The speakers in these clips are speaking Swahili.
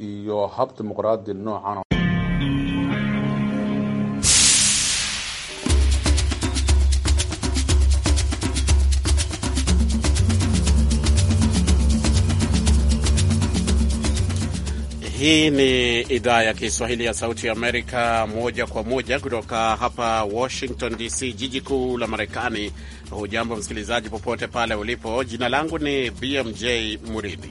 iyo hab dimuqraadi noocan Hii ni idhaa ya Kiswahili ya Sauti ya Amerika, moja kwa moja kutoka hapa Washington DC, jiji kuu la Marekani. Hujambo msikilizaji, popote pale ulipo. Jina langu ni BMJ Muridhi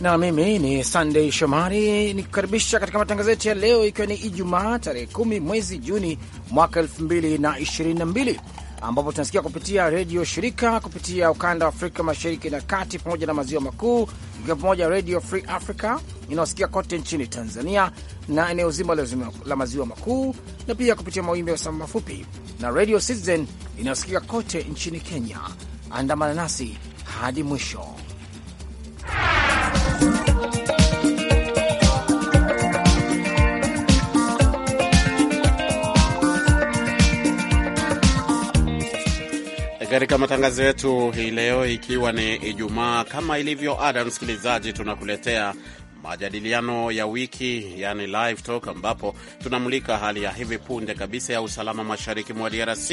na mimi ni Sunday Shomari nikukaribisha katika matangazo yetu ya leo, ikiwa ni Ijumaa tarehe kumi mwezi Juni mwaka mbili ambapo tunasikia kupitia redio shirika kupitia ukanda wa Afrika mashariki na kati pamoja na maziwa makuu, ikiwa pamoja Redio Free Africa inaosikia kote nchini Tanzania na eneo zima la maziwa makuu, na pia kupitia mawimbi ya usama mafupi na Redio Citizen inayosikika kote nchini Kenya. Andamana nasi hadi mwisho. Katika matangazo yetu hii leo, ikiwa ni Ijumaa, kama ilivyo ada, msikilizaji, tunakuletea majadiliano ya wiki yani live talk, ambapo tunamulika hali ya hivi punde kabisa ya usalama mashariki mwa DRC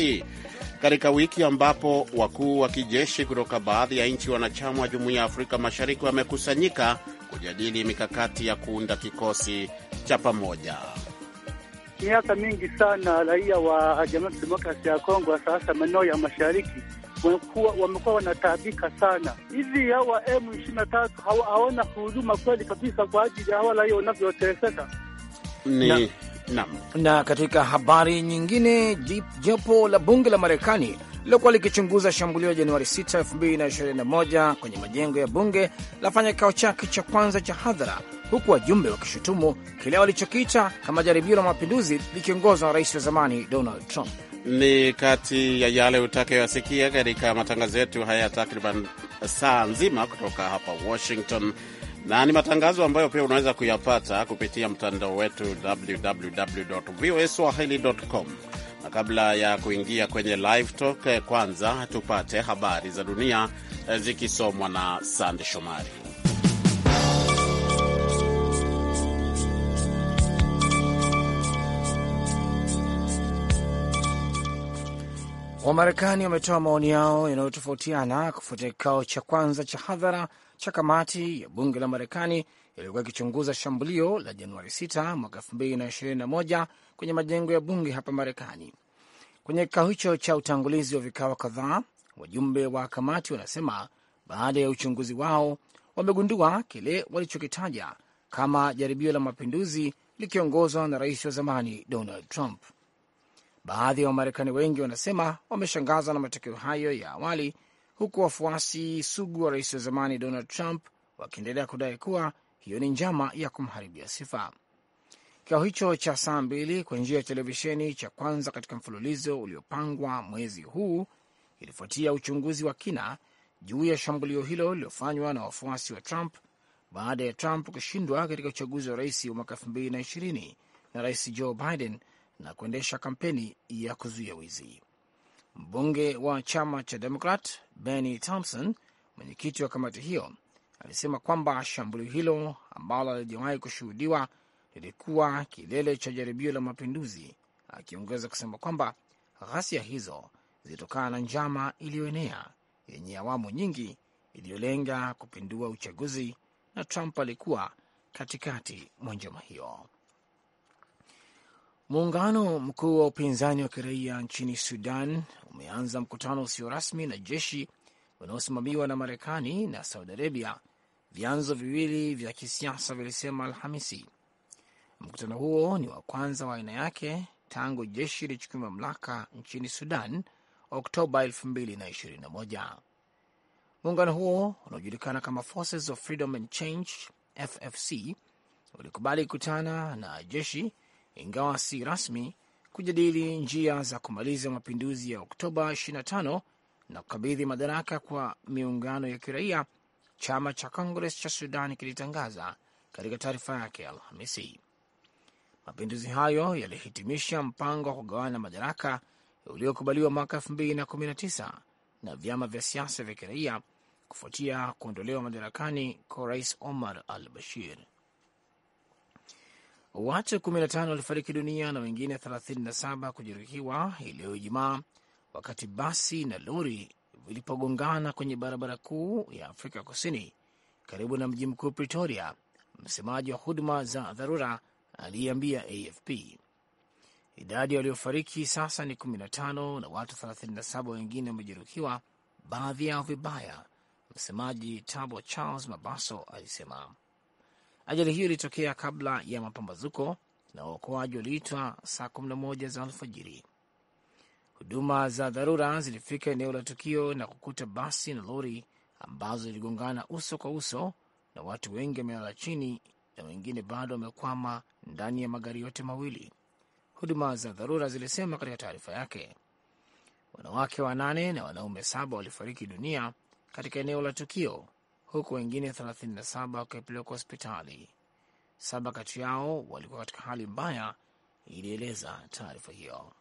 katika wiki ambapo wakuu wa kijeshi kutoka baadhi ya nchi wanachama wa jumuiya ya Afrika Mashariki wamekusanyika kujadili mikakati ya kuunda kikosi cha pamoja. Miaka mingi sana raia wa Jamhuri ya Kidemokrasia ya Kongo, sasa maeneo ya mashariki wamekuwa wanataabika sana. Hivi hawa M23 hawana kuhuduma kweli kabisa kwa ajili ya hawa raia wanavyoteseka ni na, na katika habari nyingine, jopo la bunge la Marekani lilokuwa likichunguza shambulio la Januari 6, 2021 kwenye majengo ya bunge lafanya kikao chake cha kwanza cha hadhara, huku wajumbe wakishutumu kile walichokiita kama jaribio la mapinduzi likiongozwa na rais wa zamani Donald Trump ni kati ya yale utakayoyasikia katika matangazo yetu haya takriban saa nzima kutoka hapa Washington, na ni matangazo ambayo pia unaweza kuyapata kupitia mtandao wetu www voa www.voaswahili.com. Na kabla ya kuingia kwenye live talk, eh, kwanza tupate habari za dunia eh, zikisomwa na Sande Shomari. Wamarekani wametoa maoni yao yanayotofautiana kufuatia kikao cha kwanza cha hadhara cha kamati ya bunge la Marekani iliyokuwa ikichunguza shambulio la Januari 6 mwaka 2021 kwenye majengo ya bunge hapa Marekani. Kwenye kikao hicho cha utangulizi wa vikao kadhaa, wajumbe wa kamati wanasema baada ya uchunguzi wao wamegundua kile walichokitaja kama jaribio la mapinduzi likiongozwa na rais wa zamani Donald Trump. Baadhi ya Wamarekani wengi wanasema wameshangazwa na matokeo hayo ya awali, huku wafuasi sugu wa rais wa zamani Donald Trump wakiendelea kudai kuwa hiyo ni njama ya kumharibia sifa. Kikao hicho cha saa mbili kwa njia ya televisheni, cha kwanza katika mfululizo uliopangwa mwezi huu, ilifuatia uchunguzi wa kina juu ya shambulio hilo lililofanywa na wafuasi wa Trump baada ya Trump kushindwa katika uchaguzi wa rais wa mwaka 2020 na rais Joe Biden na kuendesha kampeni ya kuzuia wizi. Mbunge wa chama cha Demokrat Benny Thompson, mwenyekiti wa kamati hiyo, alisema kwamba shambulio hilo ambalo halijawahi kushuhudiwa lilikuwa kilele cha jaribio la mapinduzi, akiongeza kusema kwamba ghasia hizo zilitokana na njama iliyoenea yenye awamu nyingi iliyolenga kupindua uchaguzi na Trump alikuwa katikati mwa njama hiyo. Muungano mkuu wa upinzani wa kiraia nchini Sudan umeanza mkutano usio rasmi na jeshi unaosimamiwa na Marekani na Saudi Arabia, vyanzo viwili vya kisiasa vilisema Alhamisi. Mkutano huo ni wa kwanza wa aina yake tangu jeshi lichukua mamlaka nchini Sudan Oktoba 2021. Muungano huo unaojulikana kama Forces of Freedom and Change, FFC, ulikubali kukutana na jeshi ingawa si rasmi, kujadili njia za kumaliza mapinduzi ya Oktoba 25 na kukabidhi madaraka kwa miungano ya kiraia, chama cha Kongres cha Sudan kilitangaza katika taarifa yake ya Alhamisi. Mapinduzi hayo yalihitimisha mpango wa kugawana madaraka uliokubaliwa mwaka 2019 na vyama vya siasa vya kiraia kufuatia kuondolewa madarakani kwa rais Omar al Bashir. Watu 15 walifariki dunia na wengine 37 kujeruhiwa hii leo Ijumaa wakati basi na lori vilipogongana kwenye barabara kuu ya Afrika Kusini karibu na mji mkuu Pretoria. Msemaji wa huduma za dharura aliyeambia AFP idadi waliofariki sasa ni 15 na watu 37 wengine wamejeruhiwa, baadhi yao vibaya. Msemaji Tabo Charles Mabaso alisema Ajali hiyo ilitokea kabla ya mapambazuko na waokoaji waliitwa saa 11 za alfajiri. Huduma za dharura zilifika eneo la tukio na kukuta basi na lori ambazo ziligongana uso kwa uso, na watu wengi wamelala chini na wengine bado wamekwama ndani ya magari yote mawili, huduma za dharura zilisema katika taarifa yake. Wanawake wanane na wanaume saba walifariki dunia katika eneo la tukio huku wengine 37 wakipelekwa hospitali. Saba kati yao walikuwa katika hali mbaya, ilieleza taarifa hiyo.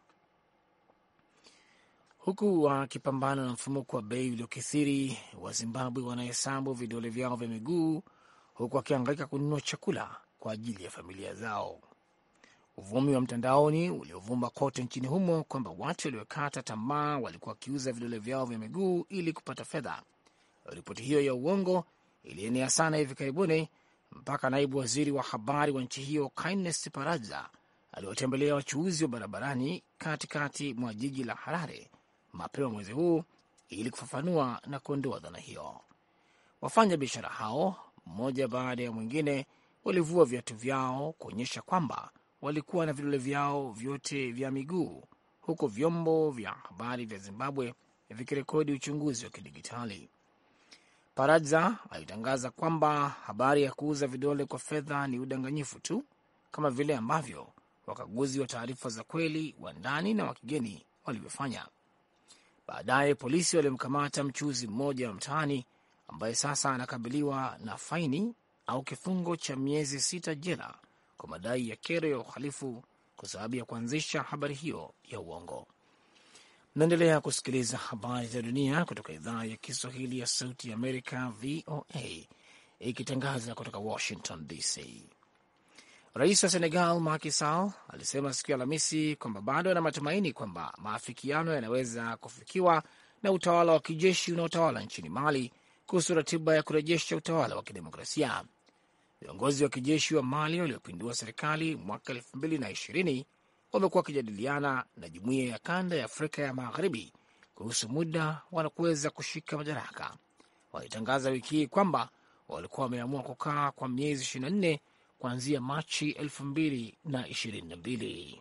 Huku wakipambana na mfumuko wa bei uliokithiri, Zimbabwe wanahesabu vidole vyao vya miguu, huku wakiangaika kununua chakula kwa ajili ya familia zao. Uvumi wa mtandaoni uliovuma kote nchini humo kwamba watu waliokata tamaa walikuwa wakiuza vidole vyao vya miguu ili kupata fedha Ripoti hiyo ya uongo ilienea sana hivi karibuni mpaka naibu waziri wa habari wa nchi hiyo Kindness Paraza aliwatembelea wachuuzi wa barabarani katikati mwa jiji la Harare mapema mwezi huu ili kufafanua na kuondoa dhana hiyo. Wafanya biashara hao mmoja baada ya mwingine walivua viatu vyao kuonyesha kwamba walikuwa na vidole vyao vyote vya miguu, huku vyombo vya habari vya Zimbabwe vikirekodi uchunguzi wa kidigitali. Paradza alitangaza kwamba habari ya kuuza vidole kwa fedha ni udanganyifu tu, kama vile ambavyo wakaguzi wa taarifa za kweli wa ndani na wa kigeni walivyofanya. Baadaye polisi walimkamata mchuuzi mmoja wa mtaani ambaye sasa anakabiliwa na faini au kifungo cha miezi sita jela kwa madai ya kero ya uhalifu kwa sababu ya kuanzisha habari hiyo ya uongo. Naendelea kusikiliza habari za dunia kutoka idhaa ya Kiswahili ya Sauti ya Amerika, VOA, ikitangaza kutoka Washington DC. Rais wa Senegal Macky Sall alisema siku ya Alhamisi kwamba bado ana matumaini kwamba maafikiano yanaweza kufikiwa na utawala wa kijeshi unaotawala nchini Mali kuhusu ratiba ya kurejesha utawala wa kidemokrasia. Viongozi wa kijeshi wa Mali waliopindua serikali mwaka 2020 wamekuwa wakijadiliana na jumuiya ya kanda ya Afrika ya Magharibi kuhusu muda wanakuweza kushika madaraka. Walitangaza wiki hii kwamba walikuwa wameamua kukaa kwa miezi 24 kuanzia Machi 2022.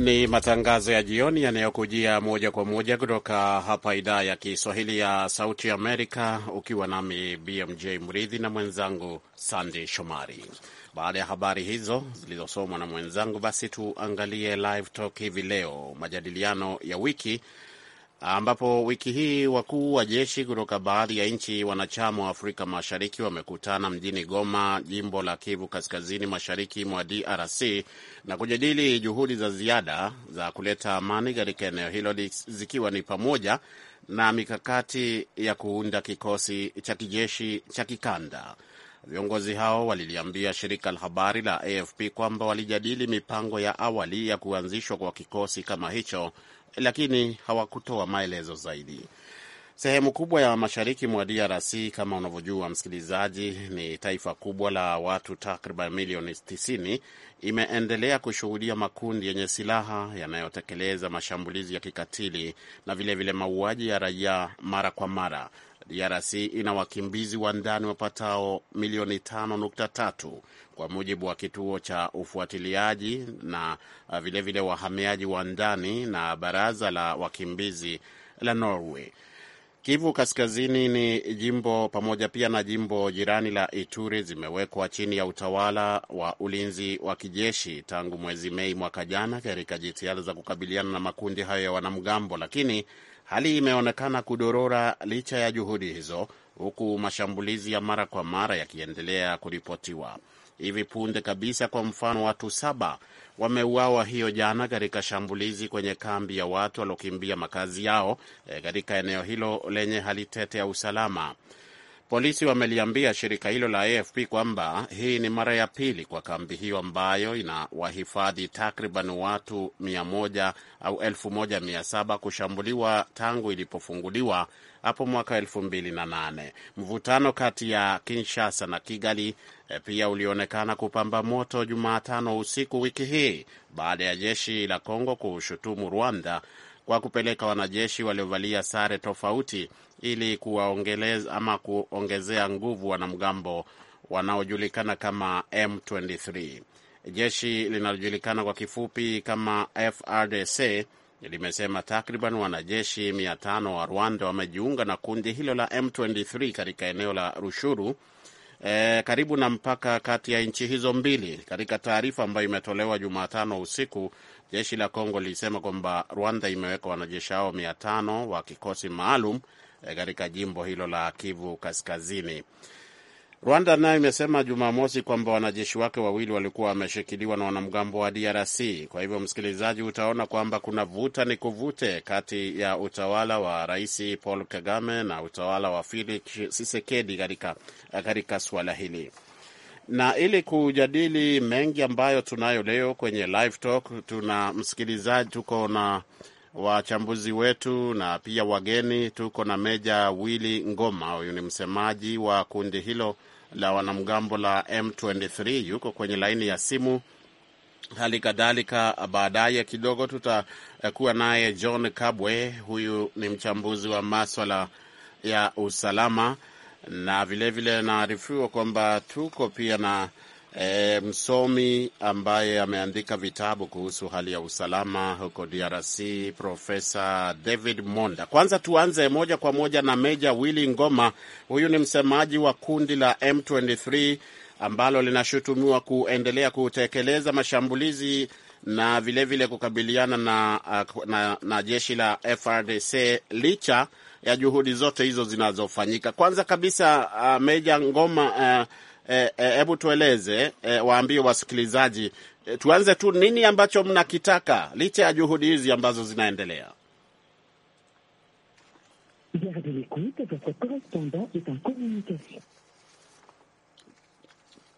Ni matangazo ya jioni yanayokujia moja kwa moja kutoka hapa idhaa ya Kiswahili ya Sauti Amerika, ukiwa nami BMJ Mridhi na mwenzangu Sandey Shomari. Baada ya habari hizo zilizosomwa na mwenzangu, basi tuangalie Live Talk hivi leo, majadiliano ya wiki ambapo wiki hii wakuu wa jeshi kutoka baadhi ya nchi wanachama wa Afrika Mashariki wamekutana mjini Goma, jimbo la Kivu Kaskazini, mashariki mwa DRC na kujadili juhudi za ziada za kuleta amani katika eneo hilo, zikiwa ni pamoja na mikakati ya kuunda kikosi cha kijeshi cha kikanda. Viongozi hao waliliambia shirika la habari la AFP kwamba walijadili mipango ya awali ya kuanzishwa kwa kikosi kama hicho lakini hawakutoa maelezo zaidi. Sehemu kubwa ya mashariki mwa DRC kama unavyojua msikilizaji, ni taifa kubwa la watu takriban milioni 90, imeendelea kushuhudia makundi yenye silaha yanayotekeleza mashambulizi ya kikatili na vilevile mauaji ya raia mara kwa mara. DRC ina wakimbizi wa ndani wapatao milioni 5.3 kwa mujibu wa kituo cha ufuatiliaji na vilevile uh, vile wahamiaji wa ndani na baraza la wakimbizi la Norway. Kivu Kaskazini ni jimbo pamoja pia na jimbo jirani la Ituri zimewekwa chini ya utawala wa ulinzi wa kijeshi tangu mwezi Mei mwaka jana katika jitihada za kukabiliana na makundi hayo ya wanamgambo, lakini Hali imeonekana kudorora licha ya juhudi hizo, huku mashambulizi ya mara kwa mara yakiendelea kuripotiwa. Hivi punde kabisa, kwa mfano, watu saba wameuawa hiyo jana katika shambulizi kwenye kambi ya watu waliokimbia makazi yao eh, katika eneo hilo lenye hali tete ya usalama. Polisi wameliambia shirika hilo la AFP kwamba hii ni mara ya pili kwa kambi hiyo ambayo ina wahifadhi takriban watu 100 au 1700 kushambuliwa tangu ilipofunguliwa hapo mwaka 2008. Mvutano kati ya Kinshasa na Kigali eh, pia ulionekana kupamba moto Jumatano usiku wiki hii baada ya jeshi la Kongo kushutumu Rwanda kwa kupeleka wanajeshi waliovalia sare tofauti ili kuwaongeleza ama kuongezea nguvu wanamgambo wanaojulikana kama M23. Jeshi linalojulikana kwa kifupi kama FRDC limesema takriban wanajeshi 500 wa Rwanda wamejiunga na kundi hilo la M23 katika eneo la Rushuru eh, karibu na mpaka kati ya nchi hizo mbili. Katika taarifa ambayo imetolewa Jumatano usiku, jeshi la Kongo lilisema kwamba Rwanda imeweka wanajeshi hao mia tano wa kikosi maalum e, katika eh, jimbo hilo la Kivu Kaskazini. Rwanda nayo imesema Jumamosi kwamba wanajeshi wake wawili walikuwa wameshikiliwa na wanamgambo wa DRC. Kwa hivyo, msikilizaji, utaona kwamba kuna vuta ni kuvute kati ya utawala wa Rais Paul Kagame na utawala wa Felix Tshisekedi katika suala hili na ili kujadili mengi ambayo tunayo leo kwenye live talk, tuna msikilizaji, tuko na wachambuzi wetu na pia wageni. Tuko na Meja Willy Ngoma, huyu ni msemaji wa kundi hilo la wanamgambo la M23 yuko kwenye laini ya simu. Hali kadhalika baadaye kidogo tutakuwa naye John Kabwe, huyu ni mchambuzi wa maswala ya usalama, na vilevile naarifiwa kwamba tuko pia na E, msomi ambaye ameandika vitabu kuhusu hali ya usalama huko DRC, Profesa David Monda. Kwanza tuanze moja kwa moja na Meja Willy Ngoma. Huyu ni msemaji wa kundi la M23 ambalo linashutumiwa kuendelea kutekeleza mashambulizi na vilevile vile kukabiliana na, na, na jeshi la frdc licha ya juhudi zote hizo zinazofanyika. Kwanza kabisa, uh, Meja Ngoma, uh, Eh, eh, hebu e, tueleze e, waambie wasikilizaji e, tuanze tu, nini ambacho mnakitaka licha ya juhudi hizi ambazo zinaendelea?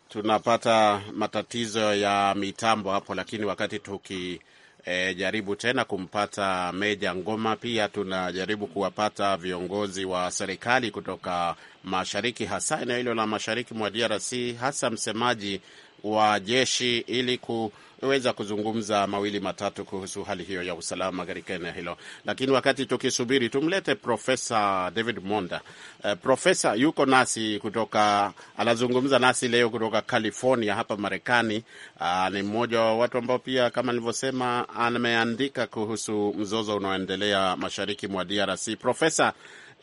Tunapata matatizo ya mitambo hapo, lakini wakati tuki e, jaribu tena kumpata Meja Ngoma. Pia tunajaribu kuwapata viongozi wa serikali kutoka mashariki, hasa eneo hilo la mashariki mwa DRC, hasa msemaji wa jeshi ili kuweza kuzungumza mawili matatu kuhusu hali hiyo ya usalama katika eneo hilo. Lakini wakati tukisubiri, tumlete Profesa David Monda. Uh, profesa yuko nasi kutoka, anazungumza nasi leo kutoka California hapa Marekani. Uh, ni mmoja wa watu ambao pia kama nilivyosema ameandika kuhusu mzozo unaoendelea mashariki mwa DRC. Profesa,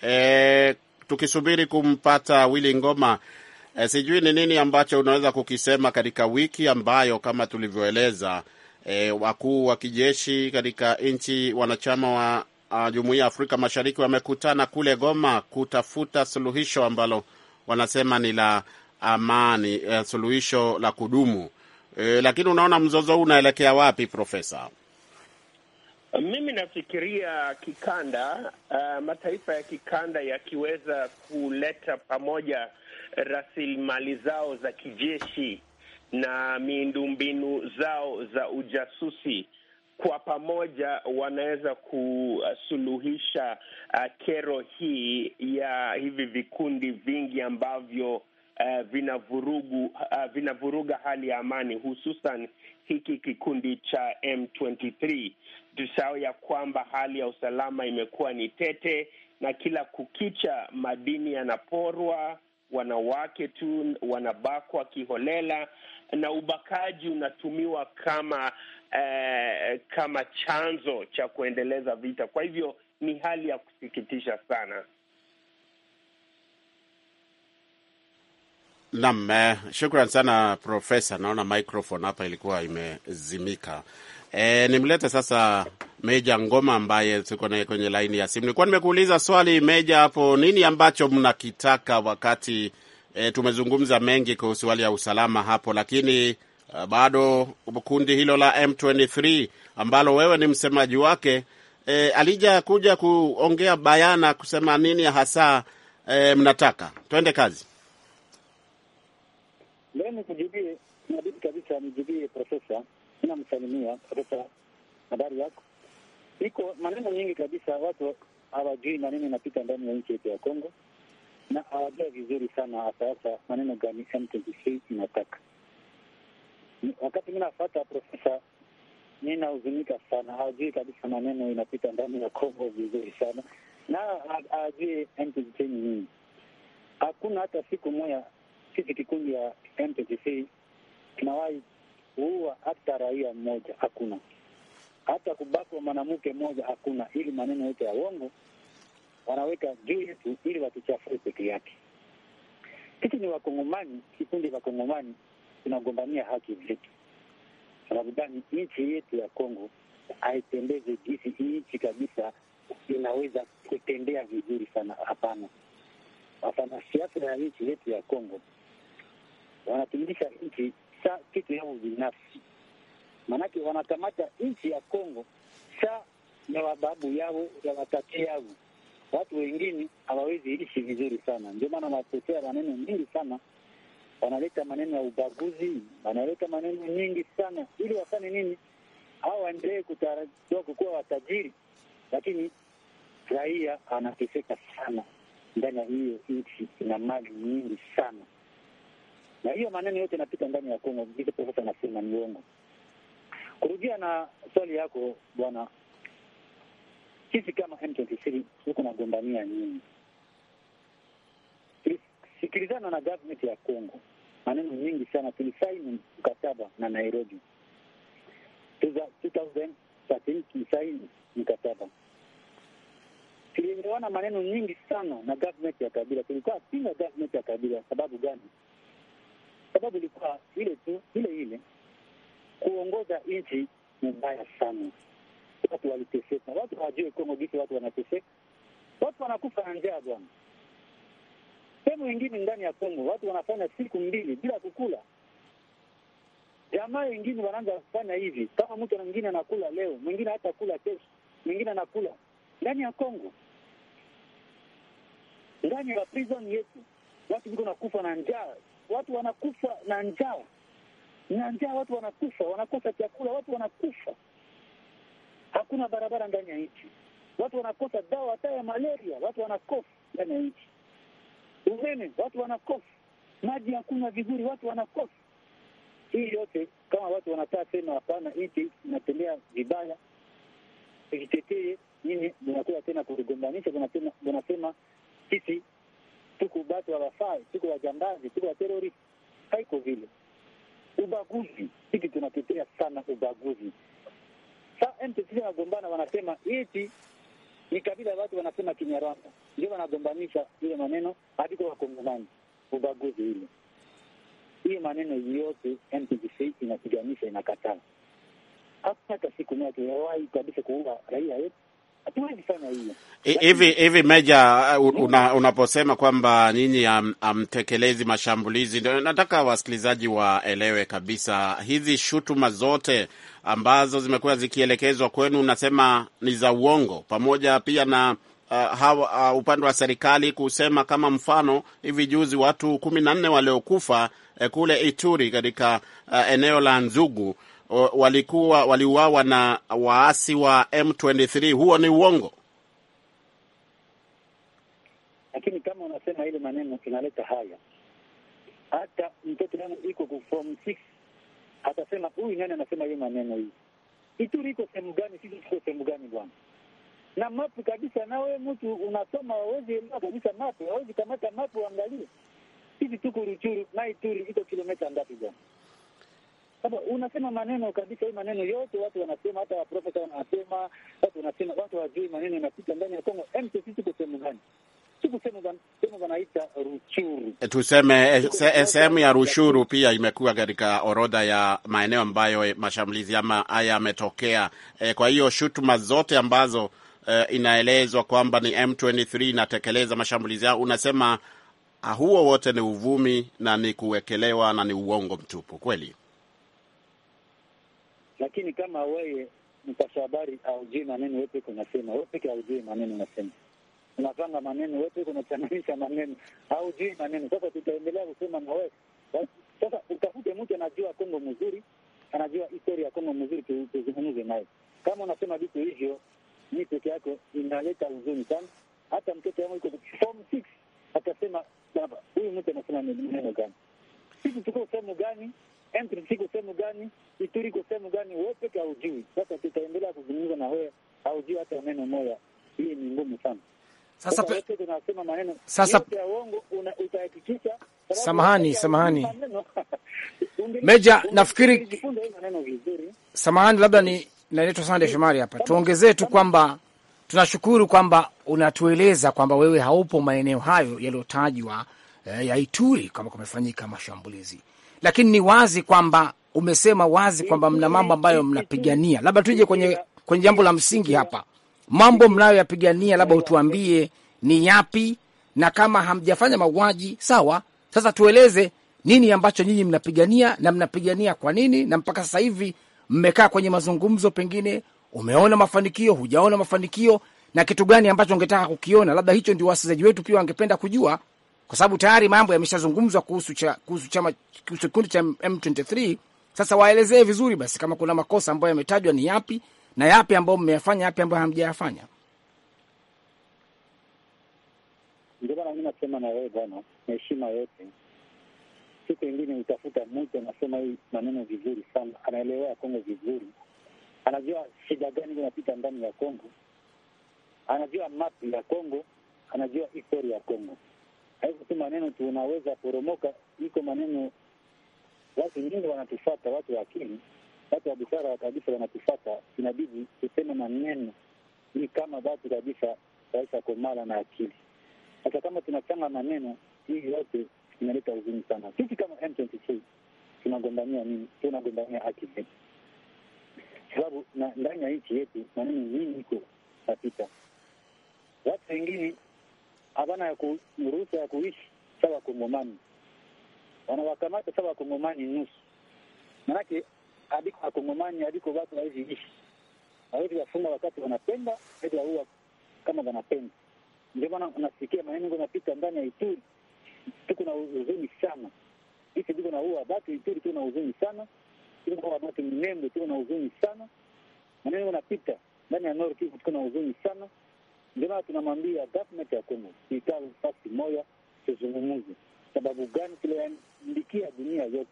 eh, tukisubiri kumpata Willy Ngoma E, sijui ni nini ambacho unaweza kukisema katika wiki ambayo kama tulivyoeleza e, wakuu wa kijeshi katika nchi wanachama wa uh, Jumuiya ya Afrika Mashariki wamekutana kule Goma kutafuta suluhisho ambalo wanasema ni la amani, e, suluhisho la kudumu e, lakini unaona mzozo huu unaelekea wapi, Profesa? Mimi nafikiria kikanda, uh, mataifa ya kikanda yakiweza kuleta pamoja rasilimali zao za kijeshi na miundombinu zao za ujasusi kwa pamoja wanaweza kusuluhisha uh, kero hii ya hivi vikundi vingi ambavyo uh, vinavurugu uh, vinavuruga hali ya amani, hususan hiki kikundi cha M23. Tusahau ya kwamba hali ya usalama imekuwa ni tete, na kila kukicha madini yanaporwa wanawake tu wanabakwa kiholela na ubakaji unatumiwa kama eh, kama chanzo cha kuendeleza vita. Kwa hivyo ni hali ya kusikitisha sana. Naam, eh, shukran sana profesa. Naona microphone hapa ilikuwa imezimika. E, nimlete sasa Meja Ngoma ambaye tuko naye kwenye laini ya simu. Nilikuwa nimekuuliza swali Meja hapo, nini ambacho mnakitaka wakati e, tumezungumza mengi kuhusu hali ya usalama hapo, lakini e, bado kundi hilo la M23 ambalo wewe ni msemaji wake e, alija kuja kuongea bayana kusema nini hasa e, mnataka. Twende kazi. Leo nikujibie kabisa, nijibie Profesa inamsalimia Profesa, habari yako? Iko maneno nyingi kabisa, watu hawajui maneno inapita ndani ya nchi yetu ya Kongo na hawajua vizuri sana hasa hasa maneno gani M23 inataka. Wakati mi nafata Profesa, nahuzunika sana, hawajui kabisa maneno inapita ndani ya Kongo vizuri sana na hawajui M23 ni nini. Hakuna hata siku moja sisi kikundi ya M23 tunawahi kuua hata raia mmoja hakuna, hata kubakwa mwanamke mmoja hakuna. Ili maneno yote ya uongo wanaweka juu yetu ili watuchafue peke yake. Sisi ni Wakongomani, kikundi Wakongomani tunagombania haki zetu. Sababu Nchi yetu ya Kongo haitembeze jinsi nchi kabisa inaweza kutembea vizuri sana. Hapana, siasa ya nchi yetu ya Kongo wanatumilisha nchi sa kitu yao binafsi, maanake wanakamata nchi ya Kongo sa ya wababu yao ya watate yao. Watu wengine hawawezi ishi vizuri sana, ndio maana wanatetea maneno mingi sana, wanaleta maneno ya ubaguzi, wanaleta maneno nyingi sana ili wafanye nini? Hao waendelee kutarajiwa kukuwa watajiri, lakini raia anateseka sana ndani ya hiyo nchi, ina mali nyingi sana na hiyo maneno yote yanapita ndani ya Kongo, vile profesa anasema ni uongo. Kurudia na swali yako bwana, sisi kama M23 huko nagombania nyingi, tulisikilizana na government ya Kongo maneno nyingi sana, tulisaini mkataba na Nairobi 2013 tulisaini mkataba tulielewana maneno nyingi sana na government ya Kabila. Tulikuwa pinga government ya Kabila sababu gani? sababu ilikuwa ile tu ile ile, kuongoza nchi mbaya sana. Watu waliteseka, watu hawajui Kongo jinsi watu wanateseka, watu wanakufa na njaa bwana. Sehemu wengine ndani ya Kongo watu wanafanya siku mbili bila kukula. Jamaa wengine wanaanza kufanya hivi, kama mtu mwingine anakula leo, mwingine hata kula kesho, mwingine anakula ndani ya Kongo, ndani ya prison yetu watu viko nakufa na njaa watu wanakufa na njaa na njaa, watu wanakufa, wanakosa chakula, watu wanakufa. Hakuna barabara ndani ya nchi, watu wanakosa dawa hata ya malaria, watu wanakosa ndani ya nchi. Umeme watu wanakosa, maji ya kunywa vizuri watu wanakosa. Hii yote kama watu wanataka sema hapana, nchi inatembea vibaya, ijitetee nini munakuwa tena kuligombanisha, munasema sisi tuko watu wawafai tuko wajambazi, tuko wateroristi. Haiko vile. Ubaguzi sisi tunatetea sana ubaguzi. Saa m wanagombana, wanasema eti ni kabila ya watu wanasema Kinyarwanda, ndio wanagombanisha ile maneno hatiko wakongomani, ubaguzi ile hiyo maneno yote m inapiganisha, inakataa. Hakuna hata siku moja hawahi kabisa kuua raia yetu hatuwezi fanya hiyo hivi hivi. Meja, uh, una, unaposema kwamba nyinyi amtekelezi am, mashambulizi, nataka wasikilizaji waelewe kabisa hizi shutuma zote ambazo zimekuwa zikielekezwa kwenu, unasema ni za uongo, pamoja pia na uh, uh, upande wa serikali kusema kama mfano hivi juzi watu kumi na nne waliokufa eh, kule Ituri katika uh, eneo la Nzugu walikuwa waliuawa na waasi wa M23. Huo ni uongo, lakini kama unasema ile maneno inaleta haya, hata mtoto wangu iko ku form 6 atasema huyu nani anasema hiyo maneno hii. Ituri iko sehemu gani? Sisi tuko sehemu gani bwana? na mapu kabisa, nawe mtu unasoma wawezi elewa kabisa mapu, wawezi kamata mapu, angalie sisi tuko Ruchuru na Ituri iko kilomita ngapi bwana? Sasa unasema maneno kabisa, hii maneno yote watu wanasema, hata waprofesa wanasema, watu wanasema, watu hawajui maneno yanapita ndani ya Kongo. m sehemu gani? Tuko sehemu gani? Ruchuru, eh, tuseme eh, eh, sehemu ya Rushuru pia imekuwa katika orodha ya maeneo ambayo mashambulizi ama haya yametokea. E, kwa hiyo shutuma zote ambazo e, inaelezwa kwamba ni M23 inatekeleza mashambulizi yao, unasema huo wote ni uvumi na ni kuwekelewa na ni uongo mtupu kweli? lakini kama weye mpasha habari aujui maneno, wewe peke unasema, aujui maneno unasema, unapanga maneno wewe peke, maneno, aujui maneno. Sasa tutaendelea kusema na wewe sasa, utafute mtu anajua Kongo mzuri, anajua historia ya Kongo mzuri, tuzungumze naye. Kama unasema vitu hivyo, mi peke yako inaleta huzuni sana. Hata mtoto yangu iko form six atasema baba, huyu mtu anasema neno gani? Sisi tuko sehemu gani? M23 iko sehemu gani, Ituri iko sehemu gani, wote peke haujui. Sasa tutaendelea kuzungumza na wewe, haujui hata neno moja. Hii ni ngumu sana. Sasa pe... tunasema maneno sasa ya uongo utahakikisha. Samahani, samahani Meja, nafikiri samahani, labda ni naitwa Sande Shomari hapa. Tuongezee tu kwamba tunashukuru kwamba unatueleza kwamba wewe haupo maeneo hayo yaliyotajwa eh, ya Ituri kama kumefanyika mashambulizi, lakini ni wazi kwamba umesema wazi kwamba mna mambo ambayo mnapigania. Labda tuje kwenye kwenye jambo la msingi hapa, mambo mnayoyapigania, labda utuambie ni yapi, na kama hamjafanya mauaji sawa, sasa tueleze nini ambacho nyinyi mnapigania na mnapigania kwa nini, na mpaka sasa hivi mmekaa kwenye mazungumzo, pengine umeona mafanikio, hujaona mafanikio, na kitu gani ambacho ungetaka kukiona? Labda hicho ndio wasikilizaji wetu pia wangependa kujua, kwa sababu tayari mambo yameshazungumzwa kuhusu cha, kuhusu chama kikundi cha M23. Sasa waelezee vizuri basi, kama kuna makosa ambayo yametajwa ni yapi na yapi ambayo mmeyafanya, yapi ambayo hamjayafanya. Ndio bana, mimi nasema na wewe bwana, heshima yote, siku ingine utafuta mtu anasema hii maneno vizuri sana, anaelewea Kongo vizuri, anajua shida gani inapita ndani ya Kongo, anajua mapi ya Kongo, anajua historia ya Kongo haiku tu maneno tunaweza poromoka, iko maneno watu wengi wanatufata, watu wa akili, watu wa busara kabisa wanatufata. Inabidi tuseme maneno ni kama batu kabisa waisha komala na akili. Sasa kama tunachanga maneno hii yote inaleta huzuni sana. Sisi kama M23 tunagombania nini? Tunagombania haki zetu, sababu ndani ya nchi yetu maneno nini iko napita watu wengine havana ya ku, ruhusa ya kuishi sawa Wakongomani, wanawakamata sawa Wakongomani nusu. Manake adiko Wakongomani adiko watu wawezi ishi, wawezi wafunga wakati wanapenda, wawezi waua kama wanapenda. Ndio maana unasikia maneno napita ndani ya Ituri, tuko na huzuni sana isi tuko naua batu Ituri, tuko na huzuni sana tuko na huzuni sana. Maneno napita ndani ya Nord Kivu, tuko na huzuni sana ndio maana tunamwambia government ya Kongo itawe wakati moja, tuzungumuze sababu gani tuliandikia dunia yote,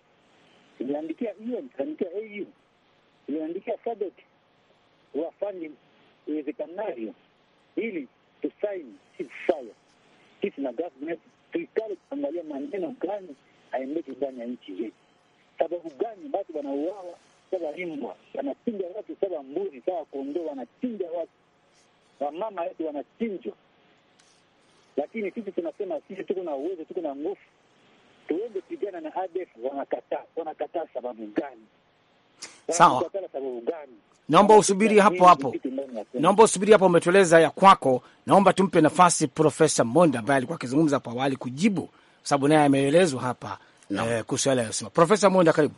tuliandikia UN, tuliandikia au, tuliandikia SADC wafanye iwezekanavyo ili tusaini ceasefire sisi na government, tuikale kuangalia maneno gani aendeke ndani ya nchi yetu. Sababu gani batu wanauawa sawa, imbwa wanachinja watu sawa, mbuzi sawa, kondoo wanachinja watu wamama wetu wanachinjwa, lakini sisi tunasema sisi tuko na uwezo, tuko na nguvu, tuende pigana na ADF. Wanakataa, wanakataa sababu gani? Sawa, naomba usubiri hapo hapo, naomba usubiri hapo. Umetueleza ya kwako, naomba tumpe nafasi Profesa Monda ambaye alikuwa akizungumza hapo awali kujibu, sababu naye ameelezwa hapa no. Eh, kuhusu yale aliyosema Profesa Monda, karibu.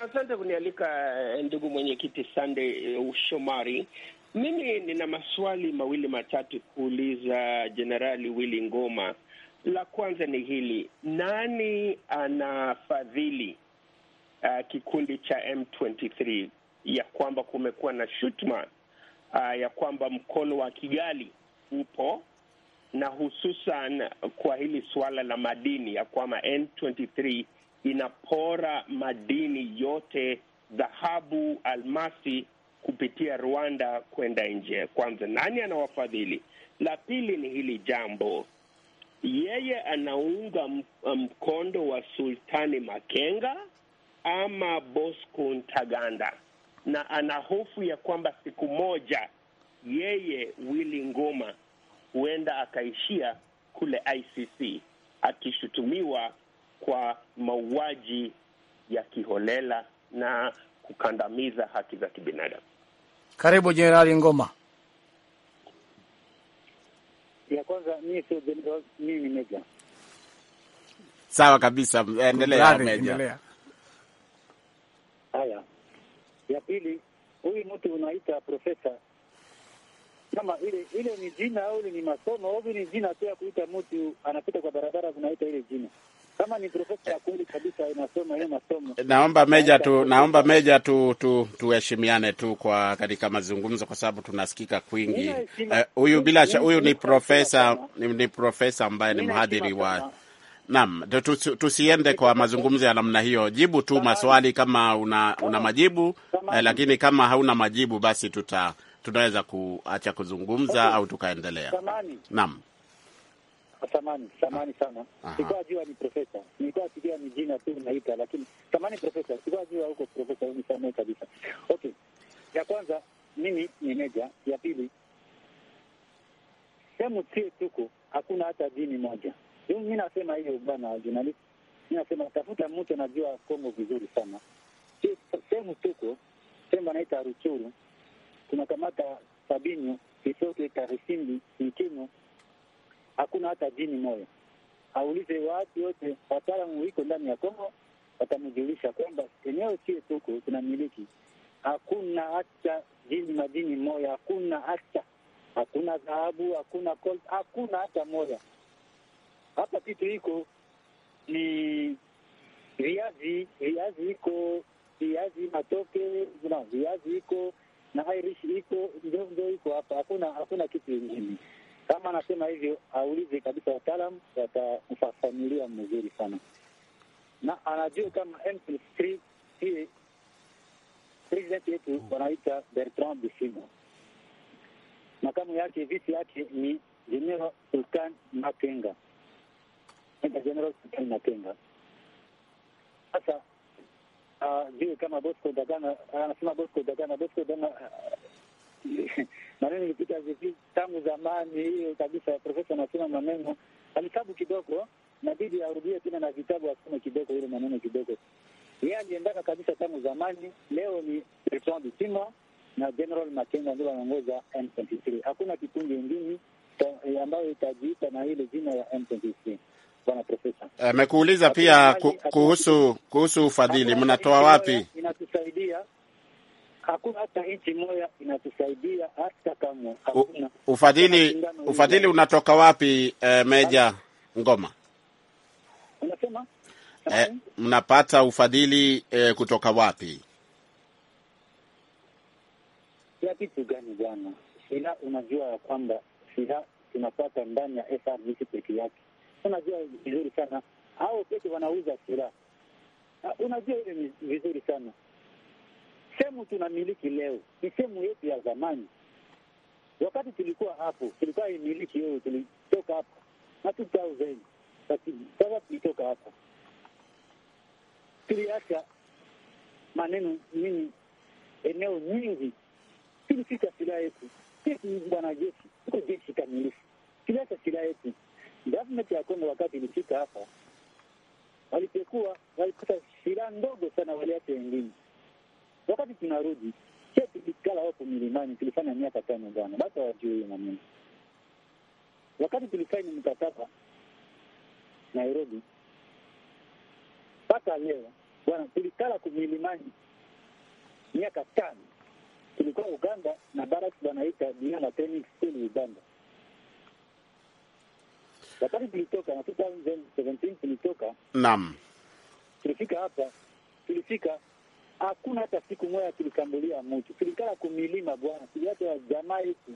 Asante kunialika eh, ndugu mwenyekiti Sande eh, Ushomari. Mimi nina maswali mawili matatu kuuliza Jenerali Willy Ngoma. La kwanza ni hili, nani anafadhili uh, kikundi cha M23 ya kwamba kumekuwa na shutuma uh, ya kwamba mkono wa Kigali upo na hususan kwa hili suala la madini ya kwamba M23 inapora madini yote, dhahabu, almasi kupitia Rwanda kwenda nje. Kwanza, nani anawafadhili? La pili ni hili jambo, yeye anaunga mkondo wa Sultani Makenga ama Bosco Ntaganda, na ana hofu ya kwamba siku moja yeye Willy Ngoma huenda akaishia kule ICC akishutumiwa kwa mauaji ya kiholela na kukandamiza haki za kibinadamu. Karibu Jenerali Ngoma. Ya kwanza mimi sio jenerali, mimi ni meja. Sawa kabisa, endelea meja. Haya, ya pili, huyu mtu unaita profesa kama ile ile ni jina au ni masomo au ni jina tu ya kuita mtu anapita kwa barabara, kunaita ile jina kama ni profesa ya kweli kabisa inasoma hiyo masomo. Naomba Meja tu, naomba Meja tu tuheshimiane tu, tu kwa katika mazungumzo, kwa sababu tunasikika kwingi. Eh, huyu uh, bila huyu ni profesa ni, ni profesa ambaye ni mhadhiri wa Naam, tusiende kwa mazungumzo ya namna hiyo. Jibu tu maswali kama una, una majibu eh, lakini kama hauna majibu basi tuta tunaweza kuacha kuzungumza au tukaendelea. Naam. Samani, samani sana. Sikuwa jua ni profesa, nilikuwa sikia ni jina tu naita, lakini samani profesa, sikuwa jua huko profesa, unisamee kabisa. Okay, ya kwanza mimi ni meja. Ya pili, sehemu sie tuko hakuna hata dini moja. Mi nasema hiyo bana journalist, mi nasema tafuta mtu anajua Kongo vizuri sana. Sehemu tuko sehemu anaita Ruchuru, tunakamata sabini Kisoke, Karisimbi, Mkino hakuna hata jini moja. Aulize watu wote, wataalamu wiko ndani ya Kongo watamjulisha kwamba eneo sie tuko tunamiliki, hakuna hata jini madini moja, hakuna hata hakuna dhahabu, hakuna gold, hakuna hata moja. Hapa kitu iko ni viazi, viazi iko viazi matoke na viazi iko na Irish iko, ndio ndio iko hapa, hakuna hakuna kitu ingine. Kama anasema hivyo, aulize kabisa wataalamu, watamfafanulia mzuri sana, na anajua kama M3 hii president yetu wanaita Bertrand Bisimwa, makamu yake visi yake ni General Sultan Makenga, General Sultan Makenga. Sasa ah, jue kama Bosco Dagana anasema Bosco Dagana, Bosco Dagana ah, maneno ilipita vipi tangu zamani, hiyo kabisa. Profesa anasema maneno alitabu kidogo, nabidi arudie tena na vitabu asome kidogo ile maneno kidogo. Yeye aliendaka kabisa tangu zamani. Leo ni Bertrand Bisimwa na General Makenga ndio wanaongoza M23. Hakuna kikundi kingine ambayo itajiita na ile jina ya M23. Bwana Profesa amekuuliza pia kuhusu kuhusu ufadhili, mnatoa wapi? Inatusaidia hakuna hata nchi moja inatusaidia hata kama hakuna. Ufadhili, ufadhili unatoka wapi eh, Meja Ngoma? Unasema eh, mnapata ufadhili eh, kutoka wapi? ya kitu gani bwana? Sila, unajua ya kwamba sila tunapata ndani ya FARDC peke yake. Unajua vizuri sana hao peke wanauza silaha, ah, unajua ile vizuri sana sehemu tunamiliki leo ni sehemu yetu ya zamani. Wakati tulikuwa hapo, tulikuwa imiliki yeo, tulitoka hapo na tutauzen sasa, tulitoka hapo, tuliacha maneno nini, eneo nyingi, tulifika silaha yetu bwana jeshi, tuko jeshi kamilifu, tuliacha silaha yetu. Gavumenti ya Kongo wakati ilifika hapa, walipekua walipata silaha ndogo sana, waliacha wengine Wakati tunarudi sio tulikala hapo milimani, tulifanya miaka tano jana, basi hawajui hiyo maneno. Wakati tulisaini mkataba Nairobi mpaka leo bwana, tulikala kumilimani miaka tano. Tulikuwa Uganda na Barak wanaita dunia la training school Uganda. Wakati tulitoka na 2017 tulitoka, naam, tulifika hapa tulifika hakuna hata siku moja tulikambulia mtu, tulikala kumilima bwana, ya jamaa yetu.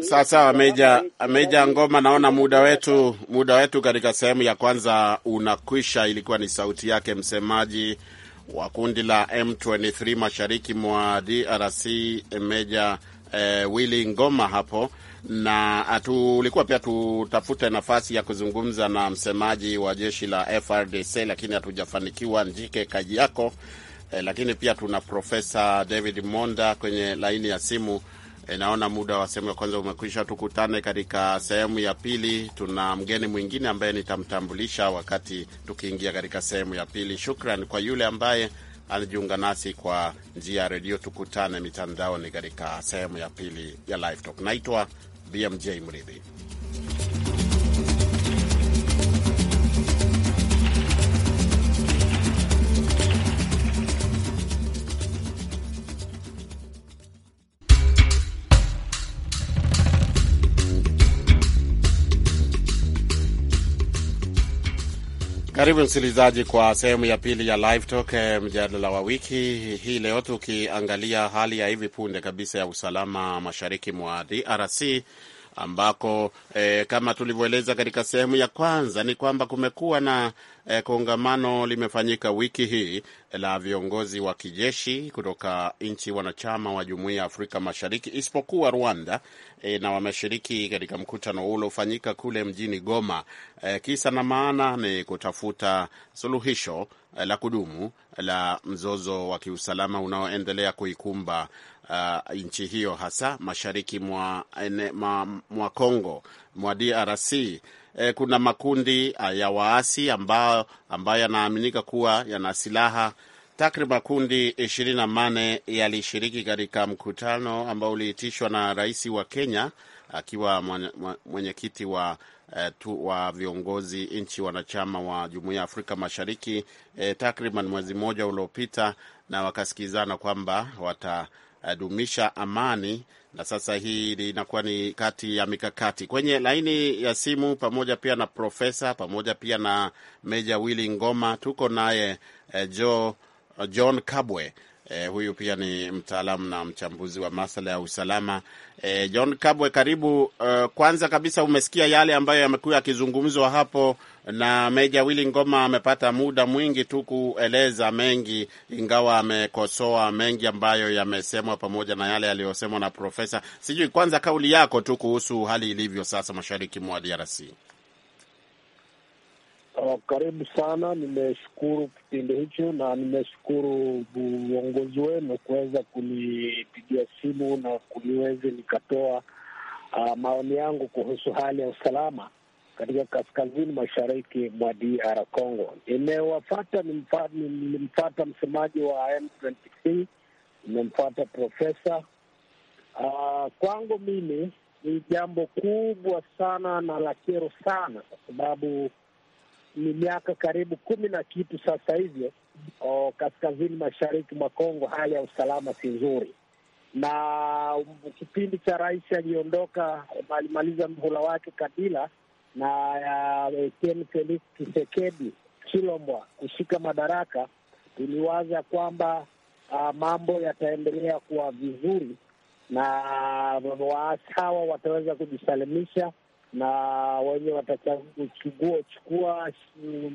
Sa, sawa, Meja Meja Ngoma, naona muda wetu muda wetu katika sehemu ya kwanza unakwisha. Ilikuwa ni sauti yake msemaji wa kundi la M23 mashariki mwa DRC, Meja eh, Willy Ngoma hapo, na ah, tulikuwa pia tutafute nafasi ya kuzungumza na msemaji wa jeshi la FRDC, lakini hatujafanikiwa. Njike Kaji yako eh, lakini pia tuna Profesa David Monda kwenye laini ya simu. Eh, naona muda wa sehemu ya kwanza umekwisha. Tukutane katika sehemu ya pili. Tuna mgeni mwingine ambaye nitamtambulisha wakati tukiingia katika sehemu ya pili. Shukran kwa yule ambaye alijiunga nasi kwa njia ya redio. Tukutane mitandaoni katika sehemu ya pili ya Live Talk. Naitwa BMJ Mridhi. Karibu msikilizaji kwa sehemu ya pili ya Live Talk, eh, mjadala wa wiki hii leo, tukiangalia hali ya hivi punde kabisa ya usalama mashariki mwa DRC ambako e, kama tulivyoeleza katika sehemu ya kwanza ni kwamba kumekuwa na e, kongamano limefanyika wiki hii la viongozi wa kijeshi kutoka nchi wanachama wa Jumuiya ya Afrika Mashariki isipokuwa Rwanda e, na wameshiriki katika mkutano huu uliofanyika kule mjini Goma. E, kisa na maana ni kutafuta suluhisho la kudumu la mzozo wa kiusalama unaoendelea kuikumba uh, nchi hiyo hasa mashariki mwa, ene, ma, mwa Kongo mwa DRC. E, eh, kuna makundi uh, ya waasi ambayo yanaaminika kuwa yana silaha takriban kundi ishirini na nane yalishiriki katika mkutano ambao uliitishwa na rais wa Kenya akiwa mwenyekiti wa eh, wa viongozi nchi wanachama wa Jumuiya ya Afrika Mashariki eh, takriban mwezi mmoja uliopita, na wakasikizana kwamba wata dumisha amani, na sasa hii inakuwa ni kati ya mikakati kwenye laini ya simu, pamoja pia na profesa, pamoja pia na Meja Willy Ngoma. Tuko naye eh, John Kabwe Eh, huyu pia ni mtaalamu na mchambuzi wa masala ya usalama. Eh, John Kabwe, karibu. Uh, kwanza kabisa umesikia yale ambayo yamekuwa yakizungumzwa hapo na Meja Willy Ngoma amepata muda mwingi tu kueleza mengi, ingawa amekosoa mengi ambayo yamesemwa pamoja na yale yaliyosemwa na profesa. Sijui kwanza kauli yako tu kuhusu hali ilivyo sasa mashariki mwa DRC. Uh, karibu sana. Nimeshukuru kipindi hicho na nimeshukuru uongozi wenu kuweza kunipigia simu na kuniweze nikatoa uh, maoni yangu kuhusu hali ya usalama katika kaskazini mashariki mwa DR Congo. Nimewafata, nilimfata msemaji wa M23, nimemfata profesa. Uh, kwangu mimi ni jambo kubwa sana na la kero sana, kwa sababu ni miaka karibu kumi na kitu sasa hivyo, kaskazini mashariki mwa Kongo hali ya usalama si nzuri, na kipindi cha rais aliondoka alimaliza mhula wake Kabila na Etienne uh, Felix Tshisekedi Chilomwa kushika madaraka, tuliwaza kwamba uh, mambo yataendelea kuwa vizuri na waasi hawa wataweza kujisalimisha na wenye watachagua chukua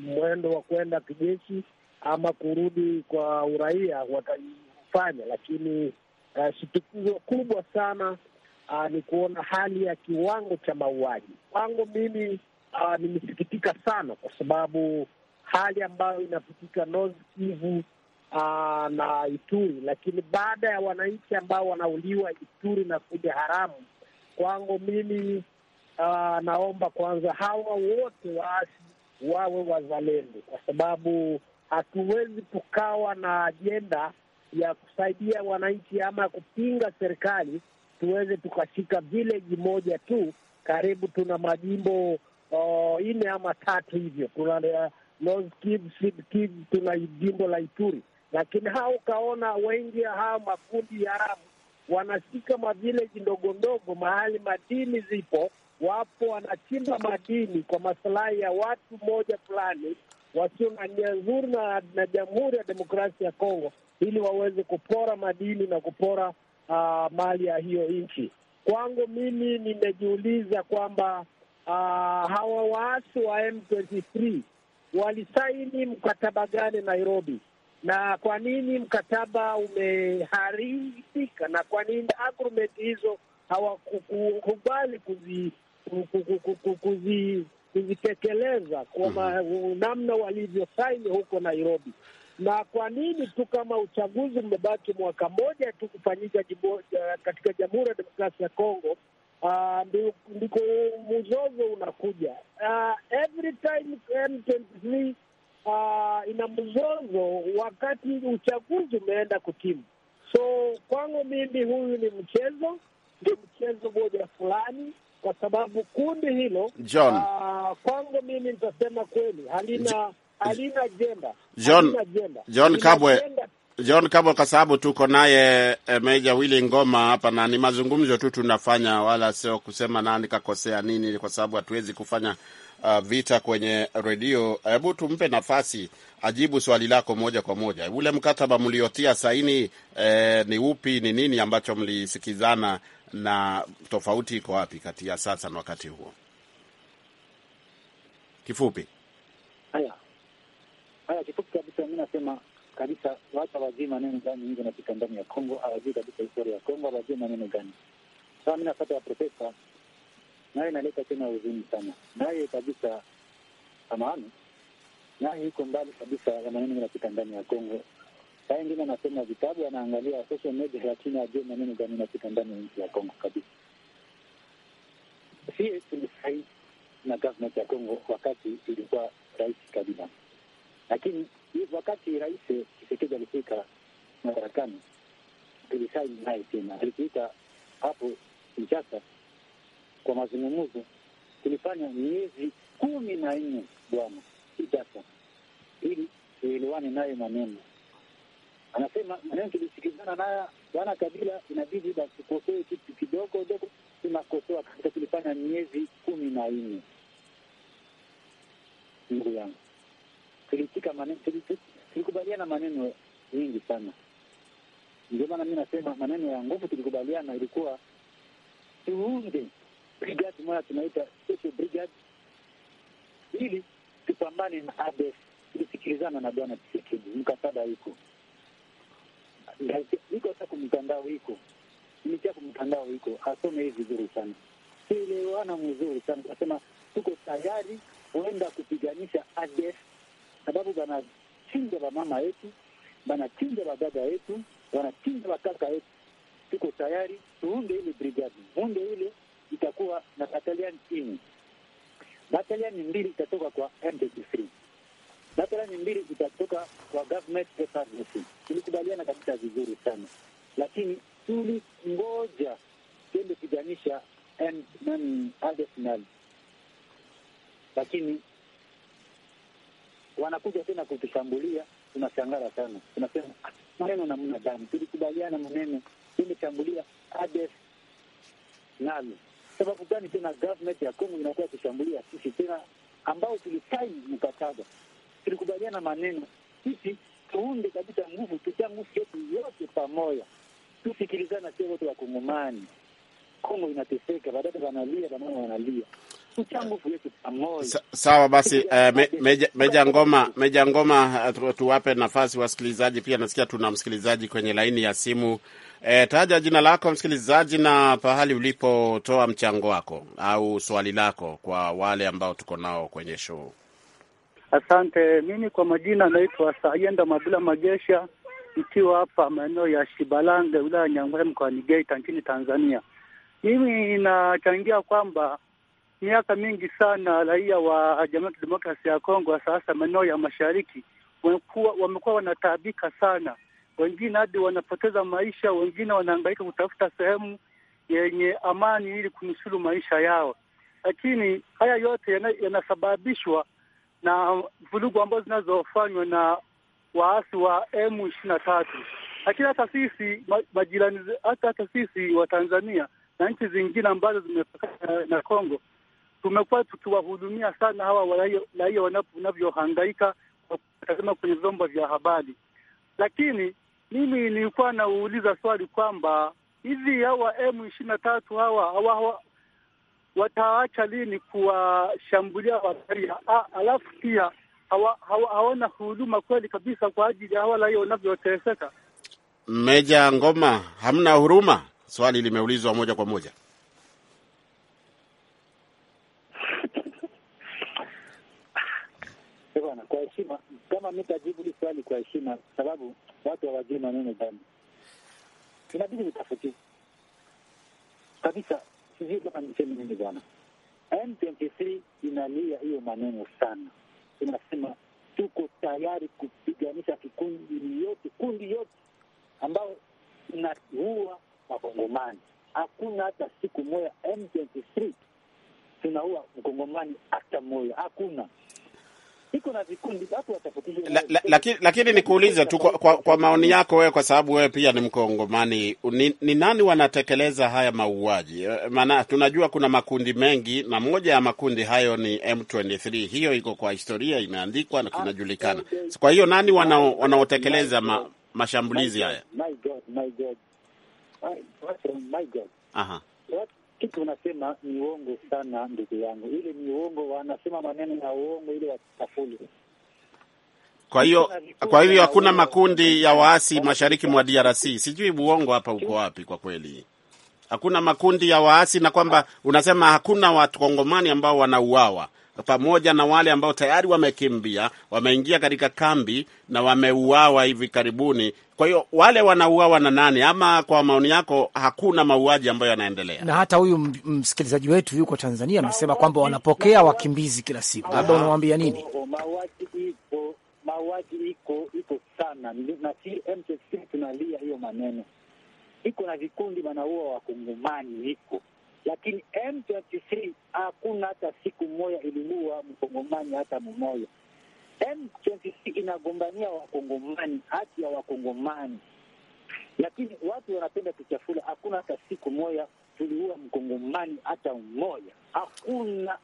mwendo wa kwenda kijeshi ama kurudi kwa uraia watafanya lakini uh, eh, shitukizo kubwa sana uh, ni kuona hali ya kiwango cha mauaji. Kwangu mimi uh, nimesikitika sana kwa sababu hali ambayo inapitika North Kivu uh, na Ituri, lakini baada ya wananchi ambao wanauliwa Ituri na kuja haramu, kwangu mimi Ah, naomba kwanza hawa wote waasi wawe wazalendo, kwa sababu hatuwezi tukawa na ajenda ya kusaidia wananchi ama kupinga serikali tuweze tukashika vileji moja tu. Karibu tuna majimbo uh, oh, nne ama tatu hivyo, tuna eh, North Kivu, Kivu, tuna jimbo la Ituri, lakini hao ukaona wengi hawa makundi ya Arabu wanashika mavileji ndogo ndogo mahali madini zipo wapo wanachimba madini kwa masilahi ya watu moja fulani wasio na nia nzuri na, na Jamhuri ya Demokrasia ya Kongo ili waweze kupora madini na kupora uh, mali ya hiyo nchi. Kwangu mimi nimejiuliza kwamba uh, hawa waasi wa M23 walisaini mkataba gani Nairobi, na kwa nini mkataba umeharibika, na kwa nini agreement hizo hawakukubali kuzi kuzitekeleza kwa mhm. namna walivyosaini huko Nairobi. Na kwa nini tu kama uchaguzi umebaki mwaka mmoja tu kufanyika katika Jamhuri ya Demokrasia ya Kongo, uh, ndiko mzozo unakuja uh, every time M23 uh, ah, ina mzozo wakati uchaguzi umeenda kutimu. So kwangu mimi huyu ni mchezo, ni mchezo moja fulani kwa sababu kundi hilo John, uh, kwangu mimi nitasema kweli halina halina ajenda John, John Kabwe John Kabwe, kwa sababu tuko naye eh, Meja Willy Ngoma hapa na ni mazungumzo tu tunafanya, wala sio kusema nani kakosea nini, kwa sababu hatuwezi kufanya uh, vita kwenye redio. Hebu tumpe nafasi ajibu swali lako moja kwa moja. Ule mkataba mliotia saini eh, ni upi? Ni nini ambacho mlisikizana na tofauti iko wapi kati ya sasa na wakati huo? Kifupi haya haya, kifupi kabisa, mi nasema kabisa watu hawajui maneno gani hizo napika ndani ya Kongo, hawajui kabisa historia ya Kongo, hawajui maneno gani Sasa mi napata ya profesa naye inaleta tena huzuni sana, naye kabisa samahani, naye iko mbali kabisa ya maneno inapita ndani ya Kongo, Saa ingine anasema vitabu, anaangalia social media, lakini ajue maneno gani napita ndani ya nchi ya Kongo kabisa. Sie tulifurahi na government ya Kongo wakati ilikuwa Rais Kabila, lakini wakati Rais Kisekedi alifika madarakani tulisai naye tena, alituita hapo Kinshasa kwa mazungumuzo. Tulifanya miezi kumi na nne bwana Kinshasa ili tuelewane naye maneno Anasema maneno tulisikizana naye bwana Kabila, inabidi batukosee kitu kidogo dogo, tunakosoa kabisa, tulifanya miezi kumi na nne ndugu yangu, tulitika maneno, tulikubaliana maneno nyingi sana. Ndio maana mi nasema maneno ya nguvu tulikubaliana, ilikuwa tuunde brigade moja tunaita special brigade ili tupambane na ADF. Tulisikilizana na bwana Tshisekedi, mkataba iko iko hata kumtandao iko micha kumtandao iko asome hii vizuri sana sielewana mzuri sana kasema tuko tayari huenda kupiganisha ADF sababu banachinja bamama yetu banachinja badada yetu wanachinja bakaka yetu. Tuko tayari tuunde ile brigadi, unde ile itakuwa na batalian chini, bataliani mbili itatoka kwa M23 ni mbili zitatoka kwa government partnership. Tulikubaliana kabisa vizuri sana, lakini tulingoja tuende piganisha Arsenal, lakini wanakuja tena kutushambulia. Tunashangara sana, tunasema ah, maneno namna gani? Tulikubaliana maneno tumeshambulia Arsenal, sababu gani tena government ya Kongo inakuwa kushambulia sisi tena ambao tulisaini mkataba tulikubaliana maneno sisi tuunde kabisa nguvu, tutia nguvu yetu yote pamoja, tusikilizana, sio wote wakungumani. Kongo inateseka, badada wanalia, wamama wanalia. sawa basi uh, me, meja, meja ngoma meja ngoma, uh, tuwape nafasi wasikilizaji pia. Nasikia tuna msikilizaji kwenye laini ya simu Uh, taja jina lako msikilizaji, na pahali ulipotoa mchango wako au swali lako kwa wale ambao tuko nao kwenye show. Asante. Mimi kwa majina naitwa Sayenda Mabila Magesha, nikiwa hapa maeneo ya shibalanga wilaya ya Nyangwale, mkoani Geita, nchini Tanzania. Mimi inachangia kwamba miaka mingi sana raia wa Jamhuri ya Kidemokrasia ya Kongo, sasa maeneo ya mashariki, wamekuwa wanataabika sana, wengine hadi wanapoteza maisha, wengine wanahangaika kutafuta sehemu yenye amani ili kunusuru maisha yao. Lakini haya yote yanasababishwa na vurugu ambazo zinazofanywa na waasi wa M ishirini na tatu. Lakini hata sisi majirani, hata hata sisi wa Tanzania na nchi zingine ambazo zimepakana na Kongo tumekuwa tukiwahudumia sana hawa raia wanavyohangaika wakitazama kwenye vyombo vya habari. Lakini mimi nilikuwa nauliza swali kwamba hivi hawa M ishirini na tatu hawa wataacha lini kuwashambulia Wagaria? Alafu pia hawana hawa, hawa huduma kweli kabisa kwa ajili ya hawa raia wanavyoteseka. Meja Ngoma, hamna huruma? Swali limeulizwa moja kwa moja. Kwa heshima, kama mitajibu hili swali kwa heshima, sababu watu hawajui maneno gani, inabidi utafuti kabisa Sijui niseme nini bwana. M23 inalia hiyo maneno sana, tunasema tuko tayari kupiganisha kikundi yote kundi yote ambayo tunaua Wakongomani. Hakuna hata siku moja M23 tunaua Mkongomani hata moja, hakuna iko na vikundi watu watafutilia. Lakini lakini nikuulize tu kwa, kwa, kwa maoni yako wewe, kwa sababu wewe pia ni Mkongomani, ni, ni nani wanatekeleza haya mauaji? Eh, maana tunajua kuna makundi mengi na moja ya makundi hayo ni M23. Hiyo iko kwa historia imeandikwa na kinajulikana. Ah, kwa hiyo nani wanao, ah, wanaotekeleza ma, mashambulizi haya? My God, my God. My God. Aha kitu unasema ni uongo sana, ndugu yangu, ile ni uongo. Wanasema maneno ya uongo ili watafuli. Kwa hiyo kwa hivyo hakuna makundi ya waasi mashariki mwa DRC. Sijui uongo hapa uko wapi kwa kweli. Hakuna makundi ya waasi, na kwamba unasema hakuna watu kongomani ambao wanauawa pamoja na wale ambao tayari wamekimbia, wameingia katika kambi na wameuawa hivi karibuni. Kwa hiyo wale wanauawa na nani? Ama kwa maoni yako hakuna mauaji ambayo yanaendelea? Na hata huyu msikilizaji wetu yuko Tanzania amesema kwamba wanapokea wakimbizi kila siku, ah. labda unamwambia nini? Oh, oh, mauaji iko iko sana, na si tunalia hiyo maneno, iko na vikundi wanaua wakongomani iko lakini M23 hakuna hata siku moja iliua mkongomani hata mmoja. M23 inagombania wakongomani, haki ya wakongomani, lakini watu wanapenda kuchafula. Hakuna hata siku moja tuliua mkongomani hata mmoja, hakuna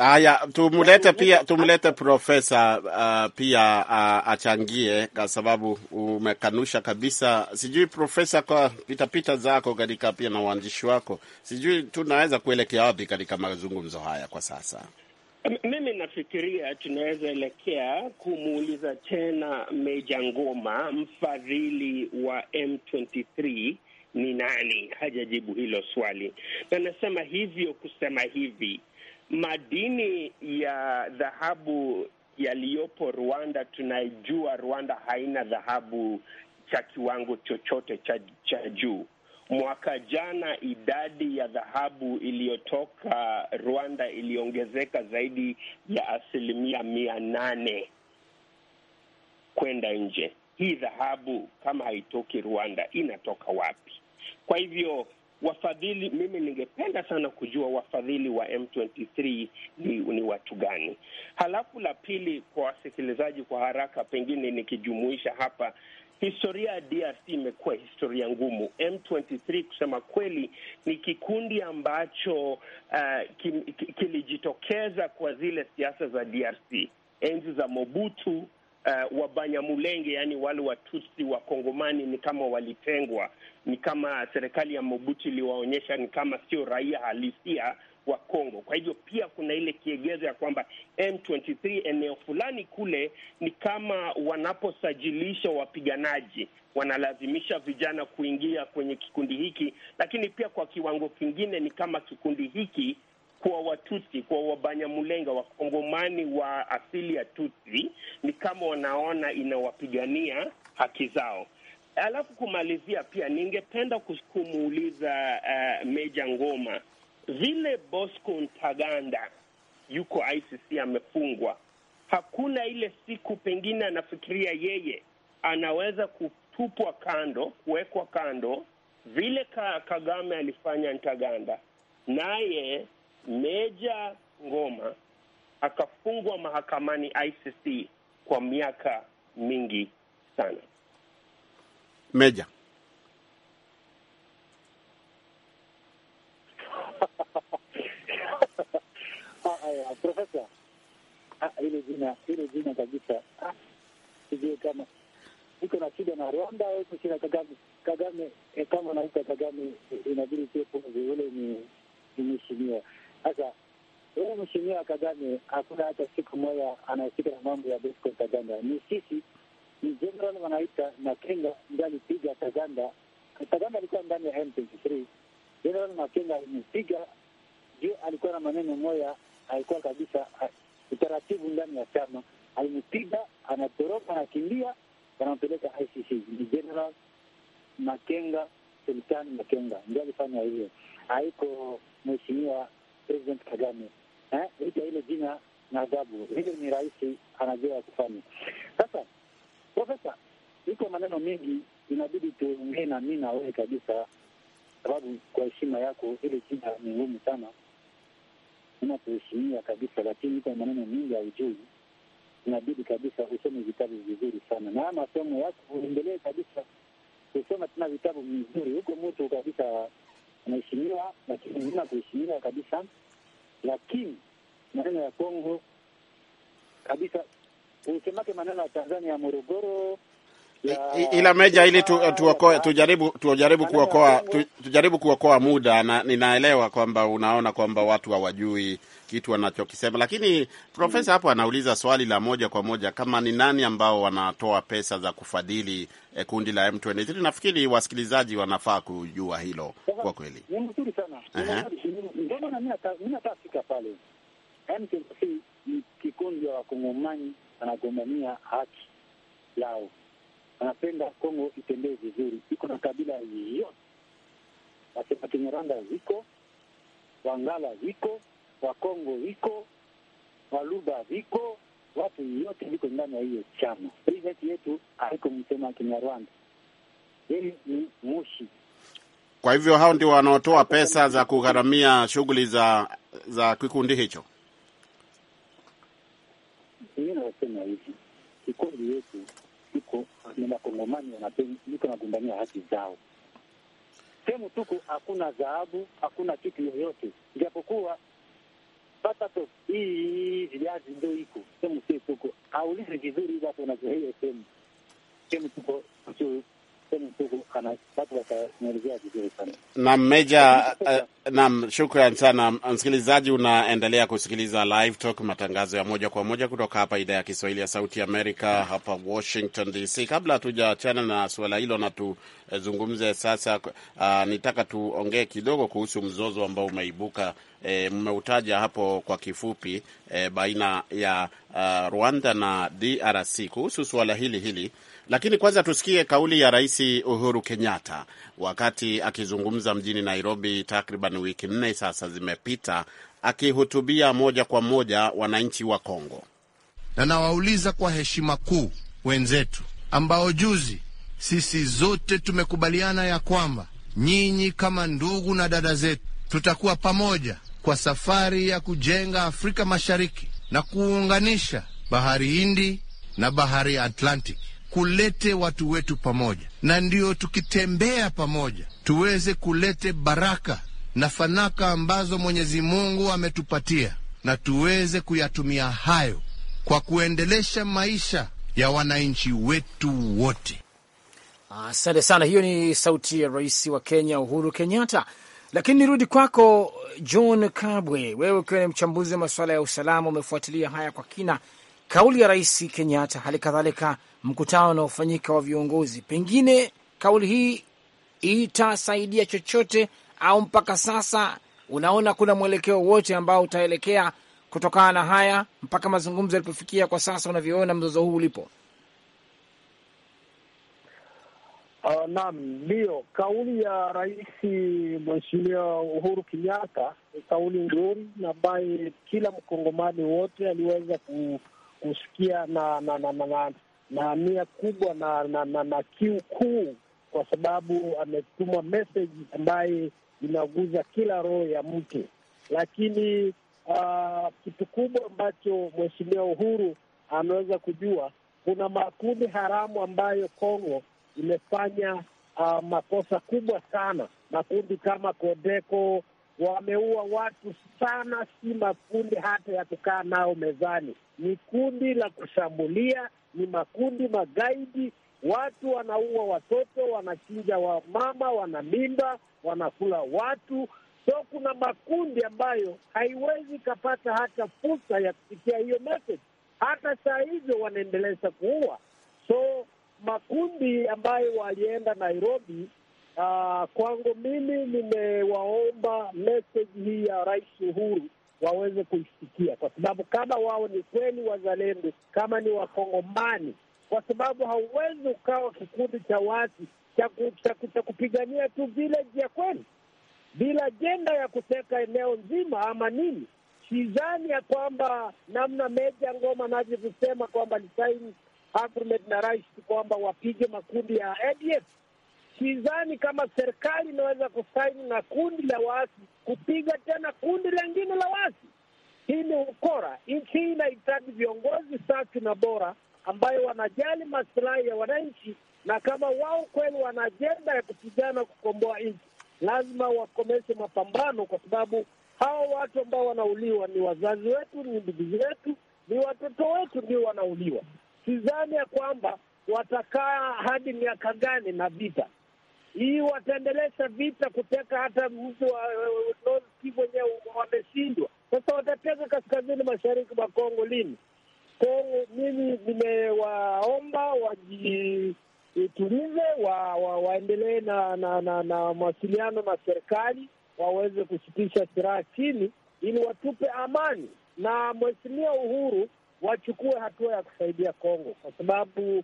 Haya, tumlete yaani, pia tumlete profesa uh, pia uh, achangie kwa sababu umekanusha kabisa. Sijui profesa, kwa pitapita zako katika pia na uandishi wako, sijui tunaweza kuelekea wapi katika mazungumzo haya kwa sasa? Mimi nafikiria tunaweza elekea kumuuliza tena Meja Ngoma, mfadhili wa M23 ni nani? Hajajibu hilo swali, na nasema hivyo kusema hivi madini ya dhahabu yaliyopo Rwanda, tunaijua Rwanda haina dhahabu cha kiwango chochote cha, cha juu. Mwaka jana idadi ya dhahabu iliyotoka Rwanda iliongezeka zaidi ya asilimia mia nane kwenda nje. Hii dhahabu kama haitoki Rwanda inatoka wapi? Kwa hivyo wafadhili, mimi ningependa sana kujua wafadhili wa M23 ni, ni watu gani? Halafu la pili, kwa wasikilizaji, kwa haraka, pengine nikijumuisha hapa Historia ya DRC imekuwa historia ngumu. M23 kusema kweli ni kikundi ambacho uh, kilijitokeza kwa zile siasa za DRC enzi za Mobutu uh, eh, Wabanyamulenge, yaani wale Watusi wa Kongomani ni kama walitengwa, ni kama serikali ya Mobutu iliwaonyesha ni kama sio raia halisia wa Kongo. Kwa hivyo pia kuna ile kiegezo ya kwamba M23 eneo fulani kule ni kama wanaposajilisha wapiganaji wanalazimisha vijana kuingia kwenye kikundi hiki, lakini pia kwa kiwango kingine ni kama kikundi hiki kwa Watutsi, kwa wabanyamulenga Wakongomani wa asili ya Tutsi ni kama wanaona inawapigania haki zao. Alafu kumalizia pia, ningependa kumuuliza uh, Meja Ngoma, vile Bosco Ntaganda yuko ICC amefungwa, hakuna ile siku pengine anafikiria yeye anaweza kutupwa kando, kuwekwa kando vile ka, Kagame alifanya Ntaganda naye Meja Ngoma akafungwa mahakamani ICC kwa miaka mingi sana. Meja Profesa, jina jina kabisa, sijui kama iko na shida na Rwanda au Kagame. Kagame kama naita Kagame inabidi ule ni mheshimiwa sasa huyu mheshimiwa Kagame hakuna hata siku moja anahusika na mambo ya Bosco Taganda. Ni sisi ni general wanaita Makenga ndiye alipiga Taganda. Taganda alikuwa ndani ya M23. General Makenga alimpiga juu alikuwa na maneno moya, alikuwa kabisa utaratibu ndani ya chama, alimpiga anatoroka, anakimbia, anampeleka ICC. Ni General Makenga, Sultan Makenga ndiye alifanya hiyo, haiko mheshimiwa President Kagame eh, ile jina na adhabu, hivyo ni rais anajua ya kufanya. Sasa profesa, iko maneno mengi, inabidi tuongee na mi na wewe kabisa, sababu kwa heshima yako ile jina ni ngumu sana, inakuheshimia kabisa, lakini iko maneno mengi haujui inabidi kabisa usome vitabu vizuri sana, na masomo yako uendelee kabisa kusoma tena vitabu vizuri huko mutu kabisa anaheshimiwa, lakini lazima kuheshimiwa kabisa. Lakini maneno ya Kongo kabisa usemake maneno ya Tanzania ya Morogoro ila Meja, ili tu, tuokoe, tujaribu tujaribu kuokoa tujaribu kuokoa muda, na ninaelewa kwamba unaona kwamba watu hawajui kitu wanachokisema, lakini profesa hapo anauliza swali la moja kwa moja, kama ni nani ambao wanatoa pesa za kufadhili eh, kundi la M23. Nafikiri wasikilizaji wanafaa kujua hilo kwa kweli. Ni mzuri sana ndio, na mimi nataka pale M23 ni kikundi ya wakongomani wanagombania haki yao anapenda Kongo itembee vizuri, iko na kabila yote, wasema Kinyaranda ziko, Wangala ziko, Wakongo ziko, Waluba ziko, watu yote viko ndani ya hiyo chama. Prezidenti yetu haiko msema Kinyarwanda, yeye ni mushi. Kwa hivyo hao ndio wanaotoa pesa za kugharamia shughuli za za kikundi hicho. mi nasema hivi, kikundi yetu tuko ni makongomani niko nagombania haki zao. Sehemu tuko hakuna dhahabu, hakuna kitu yoyote, japokuwa patato hii viazi ndo iko sehemu sie tuko aulize vizuri watu hiyo sehemu sehemu tuko Naam, Meja. Eh, naam, shukran sana msikilizaji. Unaendelea kusikiliza Live Talk, matangazo ya moja kwa moja kutoka hapa idhaa ya Kiswahili ya Sauti Amerika, hapa Washington DC. Kabla hatujaachana na suala hilo na tuzungumze sasa, uh, nitaka tuongee kidogo kuhusu mzozo ambao umeibuka Eh, mmeutaja hapo kwa kifupi e, baina ya uh, Rwanda na DRC kuhusu suala hili hili, lakini kwanza tusikie kauli ya Rais Uhuru Kenyatta wakati akizungumza mjini Nairobi, takriban wiki nne sasa zimepita, akihutubia moja kwa moja wananchi wa Kongo. Na nawauliza kwa heshima kuu wenzetu, ambao juzi sisi zote tumekubaliana ya kwamba nyinyi kama ndugu na dada zetu tutakuwa pamoja kwa safari ya kujenga Afrika Mashariki na kuunganisha bahari Hindi na bahari Atlantic kulete watu wetu pamoja, na ndio tukitembea pamoja tuweze kulete baraka na fanaka ambazo Mwenyezi Mungu ametupatia, na tuweze kuyatumia hayo kwa kuendelesha maisha ya wananchi wetu wote. Asante sana. Hiyo ni sauti ya Rais wa Kenya Uhuru Kenyatta. Lakini nirudi kwako John Kabwe, wewe ukiwa ni mchambuzi wa masuala ya usalama, umefuatilia haya kwa kina, kauli ya Rais Kenyatta, hali kadhalika mkutano unaofanyika wa viongozi, pengine kauli hii itasaidia chochote au mpaka sasa unaona kuna mwelekeo wote ambao utaelekea kutokana na haya mpaka mazungumzo yalipofikia kwa sasa, unavyoona mzozo huu ulipo? Uh, naam, ndiyo kauli ya Rais Mheshimiwa Uhuru Kenyatta ni kauli nzuri ambaye kila mkongomani wote aliweza kusikia na na na, na, na, na nia kubwa na, na, na, na kiu kuu, kwa sababu ametuma meseji ambaye inaguza kila roho ya mtu. Lakini uh, kitu kubwa ambacho Mheshimiwa Uhuru ameweza kujua, kuna makundi haramu ambayo Kongo imefanya uh, makosa kubwa sana. Makundi kama Kodeko wameua watu sana, si makundi hata ya kukaa nao mezani, ni kundi la kushambulia, ni makundi magaidi. Watu wanaua watoto, wanachinja wamama, wanamimba wanakula watu. So kuna makundi ambayo haiwezi ikapata hata fursa ya kufikia hiyo message, hata saa hivyo wanaendeleza kuua. So makundi ambayo walienda Nairobi. Uh, kwangu mimi nimewaomba meseji hii ya Rais Uhuru waweze kuisikia, kwa sababu kama wao ni kweli wazalendo, kama ni Wakongomani, kwa sababu hauwezi ukawa kikundi cha watu cha kupigania tu vileji ya kweli bila ajenda ya kuteka eneo nzima ama nini. Sidhani ya kwamba namna Meja Ngoma anavyosema kwamba alisaini Ahmed na rais kwamba wapige makundi ya ADF. Sidhani kama serikali inaweza kusaini na kundi la waasi kupiga tena kundi lengine la waasi. Hii ni ukora. Nchi hii inahitaji viongozi safi na bora ambayo wanajali masilahi ya wananchi, na kama wao kweli wana ajenda ya kupigana kukomboa nchi, lazima wakomeshe mapambano, kwa sababu hawa watu ambao wanauliwa ni wazazi wetu, ni ndugu zetu, ni watoto wetu, ndio wanauliwa sidhani ya kwamba watakaa hadi miaka gani na vita hii. Wataendeleza vita kuteka hata mji wa eh, North Kivu wenyewe wameshindwa. Sasa watateka kaskazini mashariki mwa Kongo lini? Kongo, mimi nimewaomba wajitulize, wa, wa, waendelee na na, na, na mawasiliano na serikali waweze kusitisha silaha chini, ili watupe amani. Na mheshimiwa Uhuru wachukue hatua ya kusaidia Kongo kwa sababu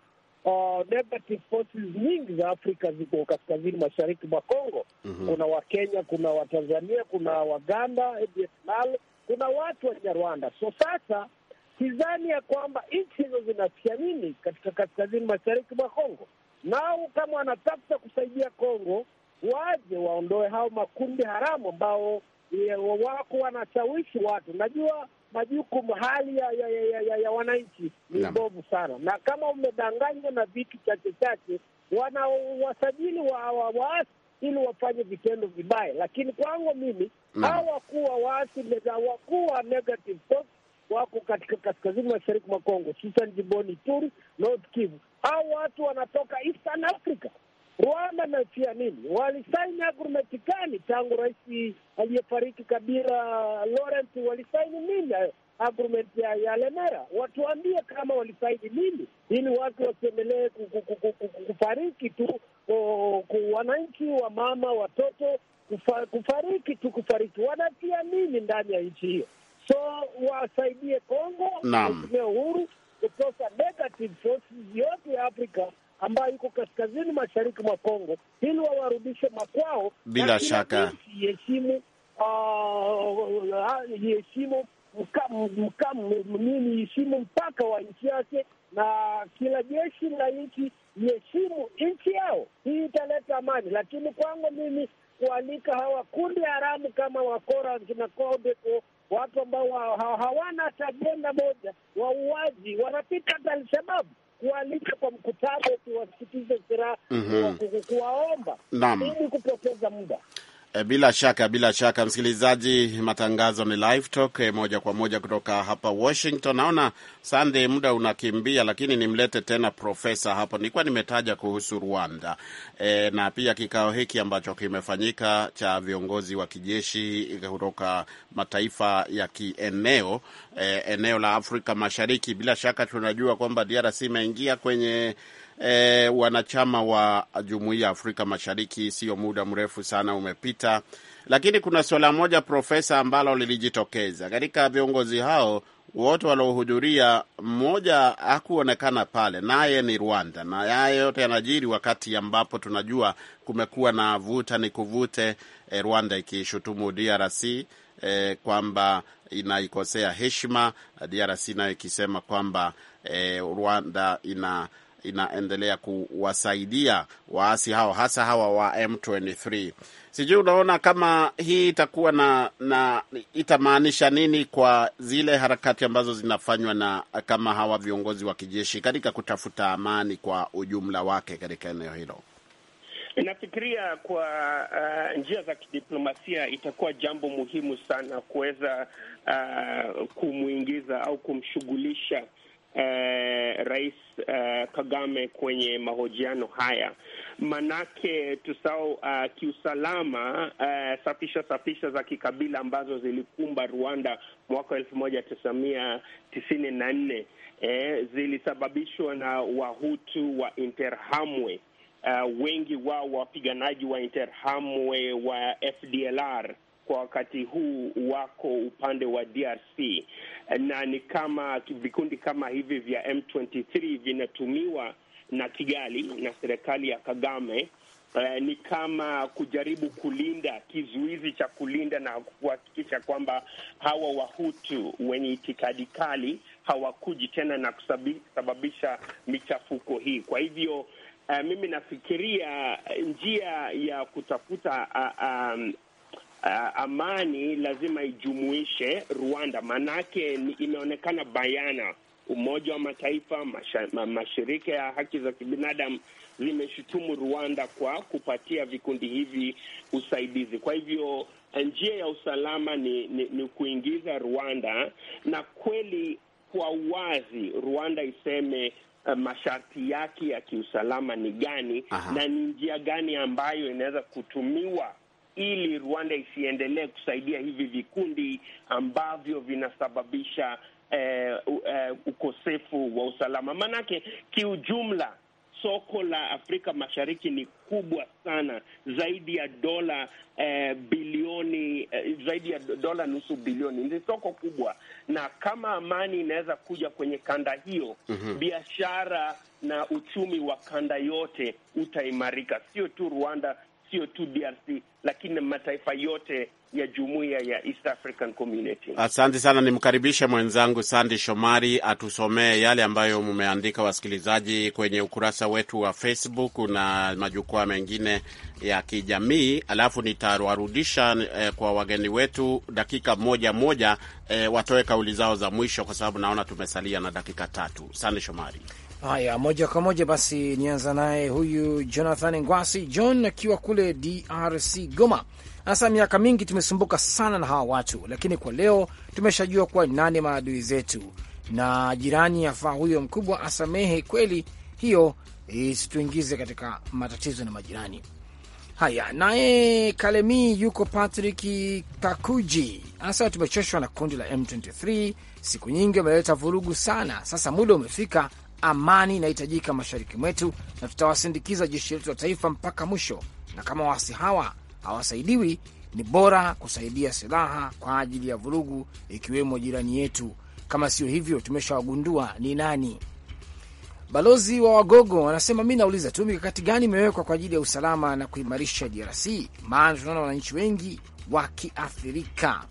Uh, negative forces nyingi za Afrika ziko kaskazini mashariki mwa Kongo. mm -hmm. Kuna Wakenya, kuna Watanzania, kuna Waganda, adf kuna watu wa rwanda So sasa sidhani ya kwamba nchi hizo zinasikia nini katika kaskazini mashariki mwa Kongo, nao kama wanatafuta kusaidia Kongo waje waondoe hao makundi haramu ambao eh, wako wanashawishi watu. Najua majukumu, hali ya, ya, ya, ya, ya wananchi ni mbovu sana, na kama umedanganywa na vitu chache chache, wana wasajili wa waasi ili wafanye vitendo vibaya. Lakini kwangu mimi hawa wakuu wa waasi wakuu wa negative talk wako katika kaskazini mashariki mwa Kongo, hususan jimboni Ituri, North Kivu. Hao watu wanatoka Eastern Africa Rwanda natia nini? Walisaini agreement gani tangu rais aliyefariki Kabila Laurent walisaini nini agreement ya, ya Lemera? Watuambie kama walisaini nini, ili watu wasiendelee kufariki tu, wananchi wa mama watoto kufa, kufariki tu kufariki. Wanatia nini ndani ya nchi hiyo? So wasaidie Kongo, waitumia uhuru kutosa negative forces yote ya Afrika ambayo iko kaskazini mashariki mwa Kongo ili wawarudishe makwao. Bila shaka iheshimu ah, ah, iheshimu mkamnini heshimu mpaka wa nchi yake, na kila jeshi la nchi iheshimu nchi yao. Hii italeta amani, lakini kwangu mimi kualika hawa kundi haramu kama wakora kina Kobeko, watu ambao hawana hata ajenda moja, wauaji wanapita hata Alshababu kualika kwa mkutano, kuwasikilize sera, mhm. kuwaomba ili kupoteza muda. Eh, bila shaka bila shaka, msikilizaji, matangazo ni live talk eh, moja kwa moja kutoka hapa Washington. Naona Sunday, muda unakimbia, lakini nimlete tena profesa hapo. Nilikuwa nimetaja kuhusu Rwanda e, na pia kikao hiki ambacho kimefanyika cha viongozi wa kijeshi kutoka mataifa ya kieneo e, eneo la Afrika Mashariki. Bila shaka tunajua kwamba DRC imeingia kwenye e, wanachama wa Jumuiya ya Afrika Mashariki. Sio muda mrefu sana umepita, lakini kuna suala moja profesa, ambalo lilijitokeza katika viongozi hao wote waliohudhuria, mmoja hakuonekana pale, naye ni Rwanda. Na haya yote yanajiri wakati ambapo tunajua kumekuwa na vuta ni kuvute, e, Rwanda ikishutumu DRC e, kwamba inaikosea heshima, DRC nayo ikisema kwamba e, Rwanda ina inaendelea kuwasaidia waasi hao hasa hawa wa M23. Sijui unaona kama hii itakuwa na, na itamaanisha nini kwa zile harakati ambazo zinafanywa na kama hawa viongozi wa kijeshi katika kutafuta amani kwa ujumla wake katika eneo hilo. Nafikiria kwa uh, njia za kidiplomasia itakuwa jambo muhimu sana kuweza uh, kumwingiza au kumshughulisha eh, Rais eh, Kagame kwenye mahojiano haya, manake tusao uh, kiusalama eh, safisha safisha za kikabila ambazo zilikumba Rwanda mwaka elfu moja tisa mia tisini na nne eh, zilisababishwa na Wahutu wa Interhamwe. Uh, wengi wao wapiganaji wa Interhamwe wa FDLR kwa wakati huu wako upande wa DRC, na ni kama vikundi kama hivi vya M23 vinatumiwa na Kigali na serikali ya Kagame. Uh, ni kama kujaribu kulinda kizuizi cha kulinda na kuhakikisha kwamba hawa Wahutu wenye itikadi kali hawakuji tena na kusababisha michafuko hii. Kwa hivyo uh, mimi nafikiria njia ya kutafuta uh, um, uh, amani lazima ijumuishe Rwanda, maanake imeonekana bayana Umoja wa Mataifa, mashirika ya haki za kibinadamu zimeshutumu Rwanda kwa kupatia vikundi hivi usaidizi. Kwa hivyo njia ya usalama ni, ni, ni kuingiza Rwanda na kweli kwa wazi Rwanda iseme uh, masharti yake ya kiusalama ni gani, Aha. na ni njia gani ambayo inaweza kutumiwa ili Rwanda isiendelee kusaidia hivi vikundi ambavyo vinasababisha eh, uh, ukosefu wa usalama. Maanake kiujumla soko la Afrika Mashariki ni kubwa sana, zaidi ya dola eh, bilioni eh, zaidi ya dola nusu bilioni. Ni soko kubwa, na kama amani inaweza kuja kwenye kanda hiyo mm -hmm. biashara na uchumi wa kanda yote utaimarika, sio tu Rwanda, sio tu DRC lakini mataifa yote ya jumuiya ya East African Community. Asante sana, nimkaribishe mwenzangu Sandi Shomari atusomee yale ambayo mmeandika wasikilizaji kwenye ukurasa wetu wa Facebook na majukwaa mengine ya kijamii, alafu nitawarudisha eh, kwa wageni wetu dakika moja moja, eh, watoe kauli zao za mwisho, kwa sababu naona tumesalia na dakika tatu. Sandi Shomari. Haya, moja kwa moja basi nianza naye huyu Jonathan Ngwasi John akiwa kule DRC Goma. Sasa miaka mingi tumesumbuka sana na hawa watu, lakini kwa leo tumeshajua kuwa nani maadui zetu, na jirani yafaa huyo mkubwa asamehe kweli, hiyo isituingize katika matatizo na majirani. Haya, naye Kalemi yuko Patrick Kakuji. hasa, tumechoshwa na kundi la M23, siku nyingi wameleta vurugu sana. Sasa muda umefika amani inahitajika mashariki mwetu, na tutawasindikiza jeshi letu la taifa mpaka mwisho, na kama waasi hawa hawasaidiwi, ni bora kusaidia silaha kwa ajili ya vurugu, ikiwemo jirani yetu. Kama sio hivyo, tumeshawagundua ni nani. Balozi wa Wagogo anasema mi nauliza tu mikakati gani imewekwa kwa ajili ya usalama na kuimarisha DRC, maana tunaona wananchi wengi wakiathirika.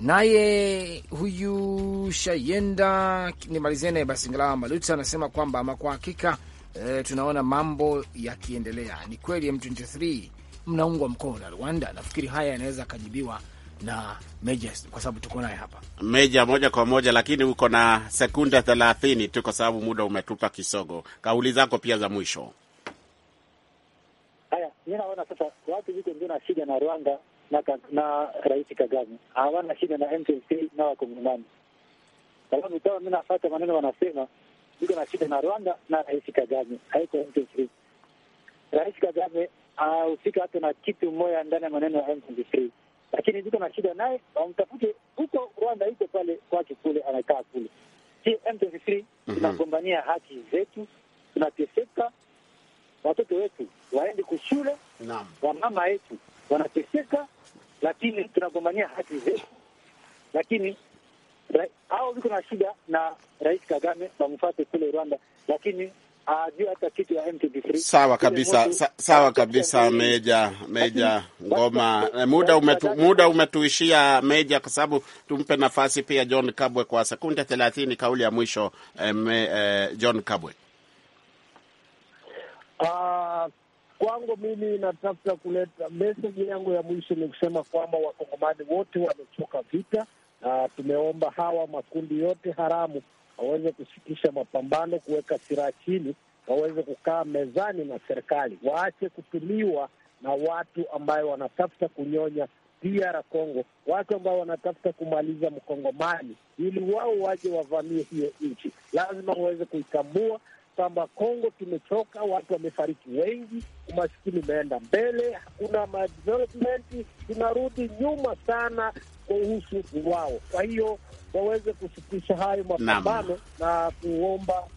Naye huyu Shayenda nimalizie naye basi, Ngalawa Maluta anasema kwamba ama kwa hakika e, tunaona mambo yakiendelea. Ni kweli M23 mnaungwa mkono na Rwanda. Nafikiri haya yanaweza akajibiwa na Meja kwa sababu tuko naye hapa Meja moja kwa moja, lakini uko na sekunde thelathini tu kwa sababu muda umetupa kisogo. Kauli zako pia za mwisho. Haya, mi naona sasa watu viko ndio na shida na Rwanda na, na Rais Kagame hawana shida na M23 na Wakongomani, sababu kama mi nafata maneno wanasema iko na shida na Rwanda na Rais Kagame, haiko M23. Rais Kagame ahusika hata na kitu moya ndani ya maneno ya M23, lakini ziko na shida naye, wamtafute huko Rwanda, iko pale kwake kule, anakaa kule. Si M23 mhm. tunagombania haki zetu, tunateseka watoto wetu waende kushule, wamama yetu wanateseka lakini tunagombania haki zetu, lakini hao viko na shida na Rais Kagame wamfate kule Rwanda, lakini Sawa kabisa, sa, sawa kabisa Meja, Meja Ngoma, muda umetu, muda umetuishia Meja, kwa sababu tumpe nafasi pia John Kabwe kwa sekunde thelathini. Kauli ya mwisho eh, me, eh, John Kabwe. Uh, Kwangu mimi natafuta kuleta meseji yangu ya mwisho ni kusema kwamba wakongomani wote wamechoka vita, na tumeomba hawa makundi yote haramu waweze kusitisha mapambano, kuweka silaha chini, waweze kukaa mezani na serikali, waache kutumiwa na watu ambayo wanatafuta kunyonya DR Congo, watu ambao wanatafuta kumaliza mkongomani ili wao waje wavamie hiyo nchi. Lazima waweze kuitambua kwamba Kongo tumechoka, watu wamefariki wengi, umasikini umeenda mbele, hakuna ma tunarudi nyuma sana kuhusu wao. Kwa hiyo waweze kusitisha hayo mapambano na kuomba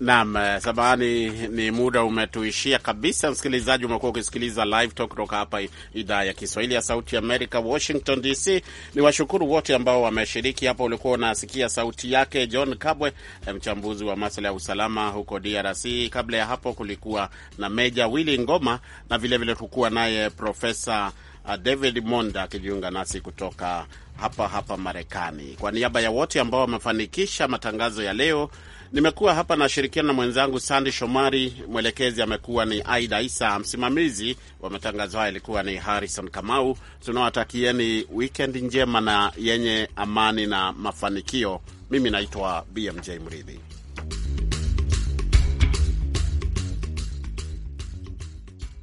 Naam, eh, sabani ni muda umetuishia kabisa. Msikilizaji, umekuwa ukisikiliza Live Talk kutoka hapa idhaa ya Kiswahili ya Sauti ya Amerika, Washington DC. Ni washukuru wote ambao wameshiriki hapa. Ulikuwa unasikia sauti yake John Kabwe, eh, mchambuzi wa masuala ya usalama huko DRC. Kabla ya hapo kulikuwa na Meja Willy Ngoma na vilevile kukuwa naye Profesa eh, David Monda akijiunga nasi kutoka hapa hapa Marekani. Kwa niaba ya wote ambao wamefanikisha matangazo ya leo Nimekuwa hapa nashirikiana na mwenzangu Sandi Shomari, mwelekezi amekuwa ni Aida Isa, msimamizi wa matangazo haya ilikuwa ni Harrison Kamau. Tunawatakieni wikendi njema na yenye amani na mafanikio. Mimi naitwa BMJ Mridhi.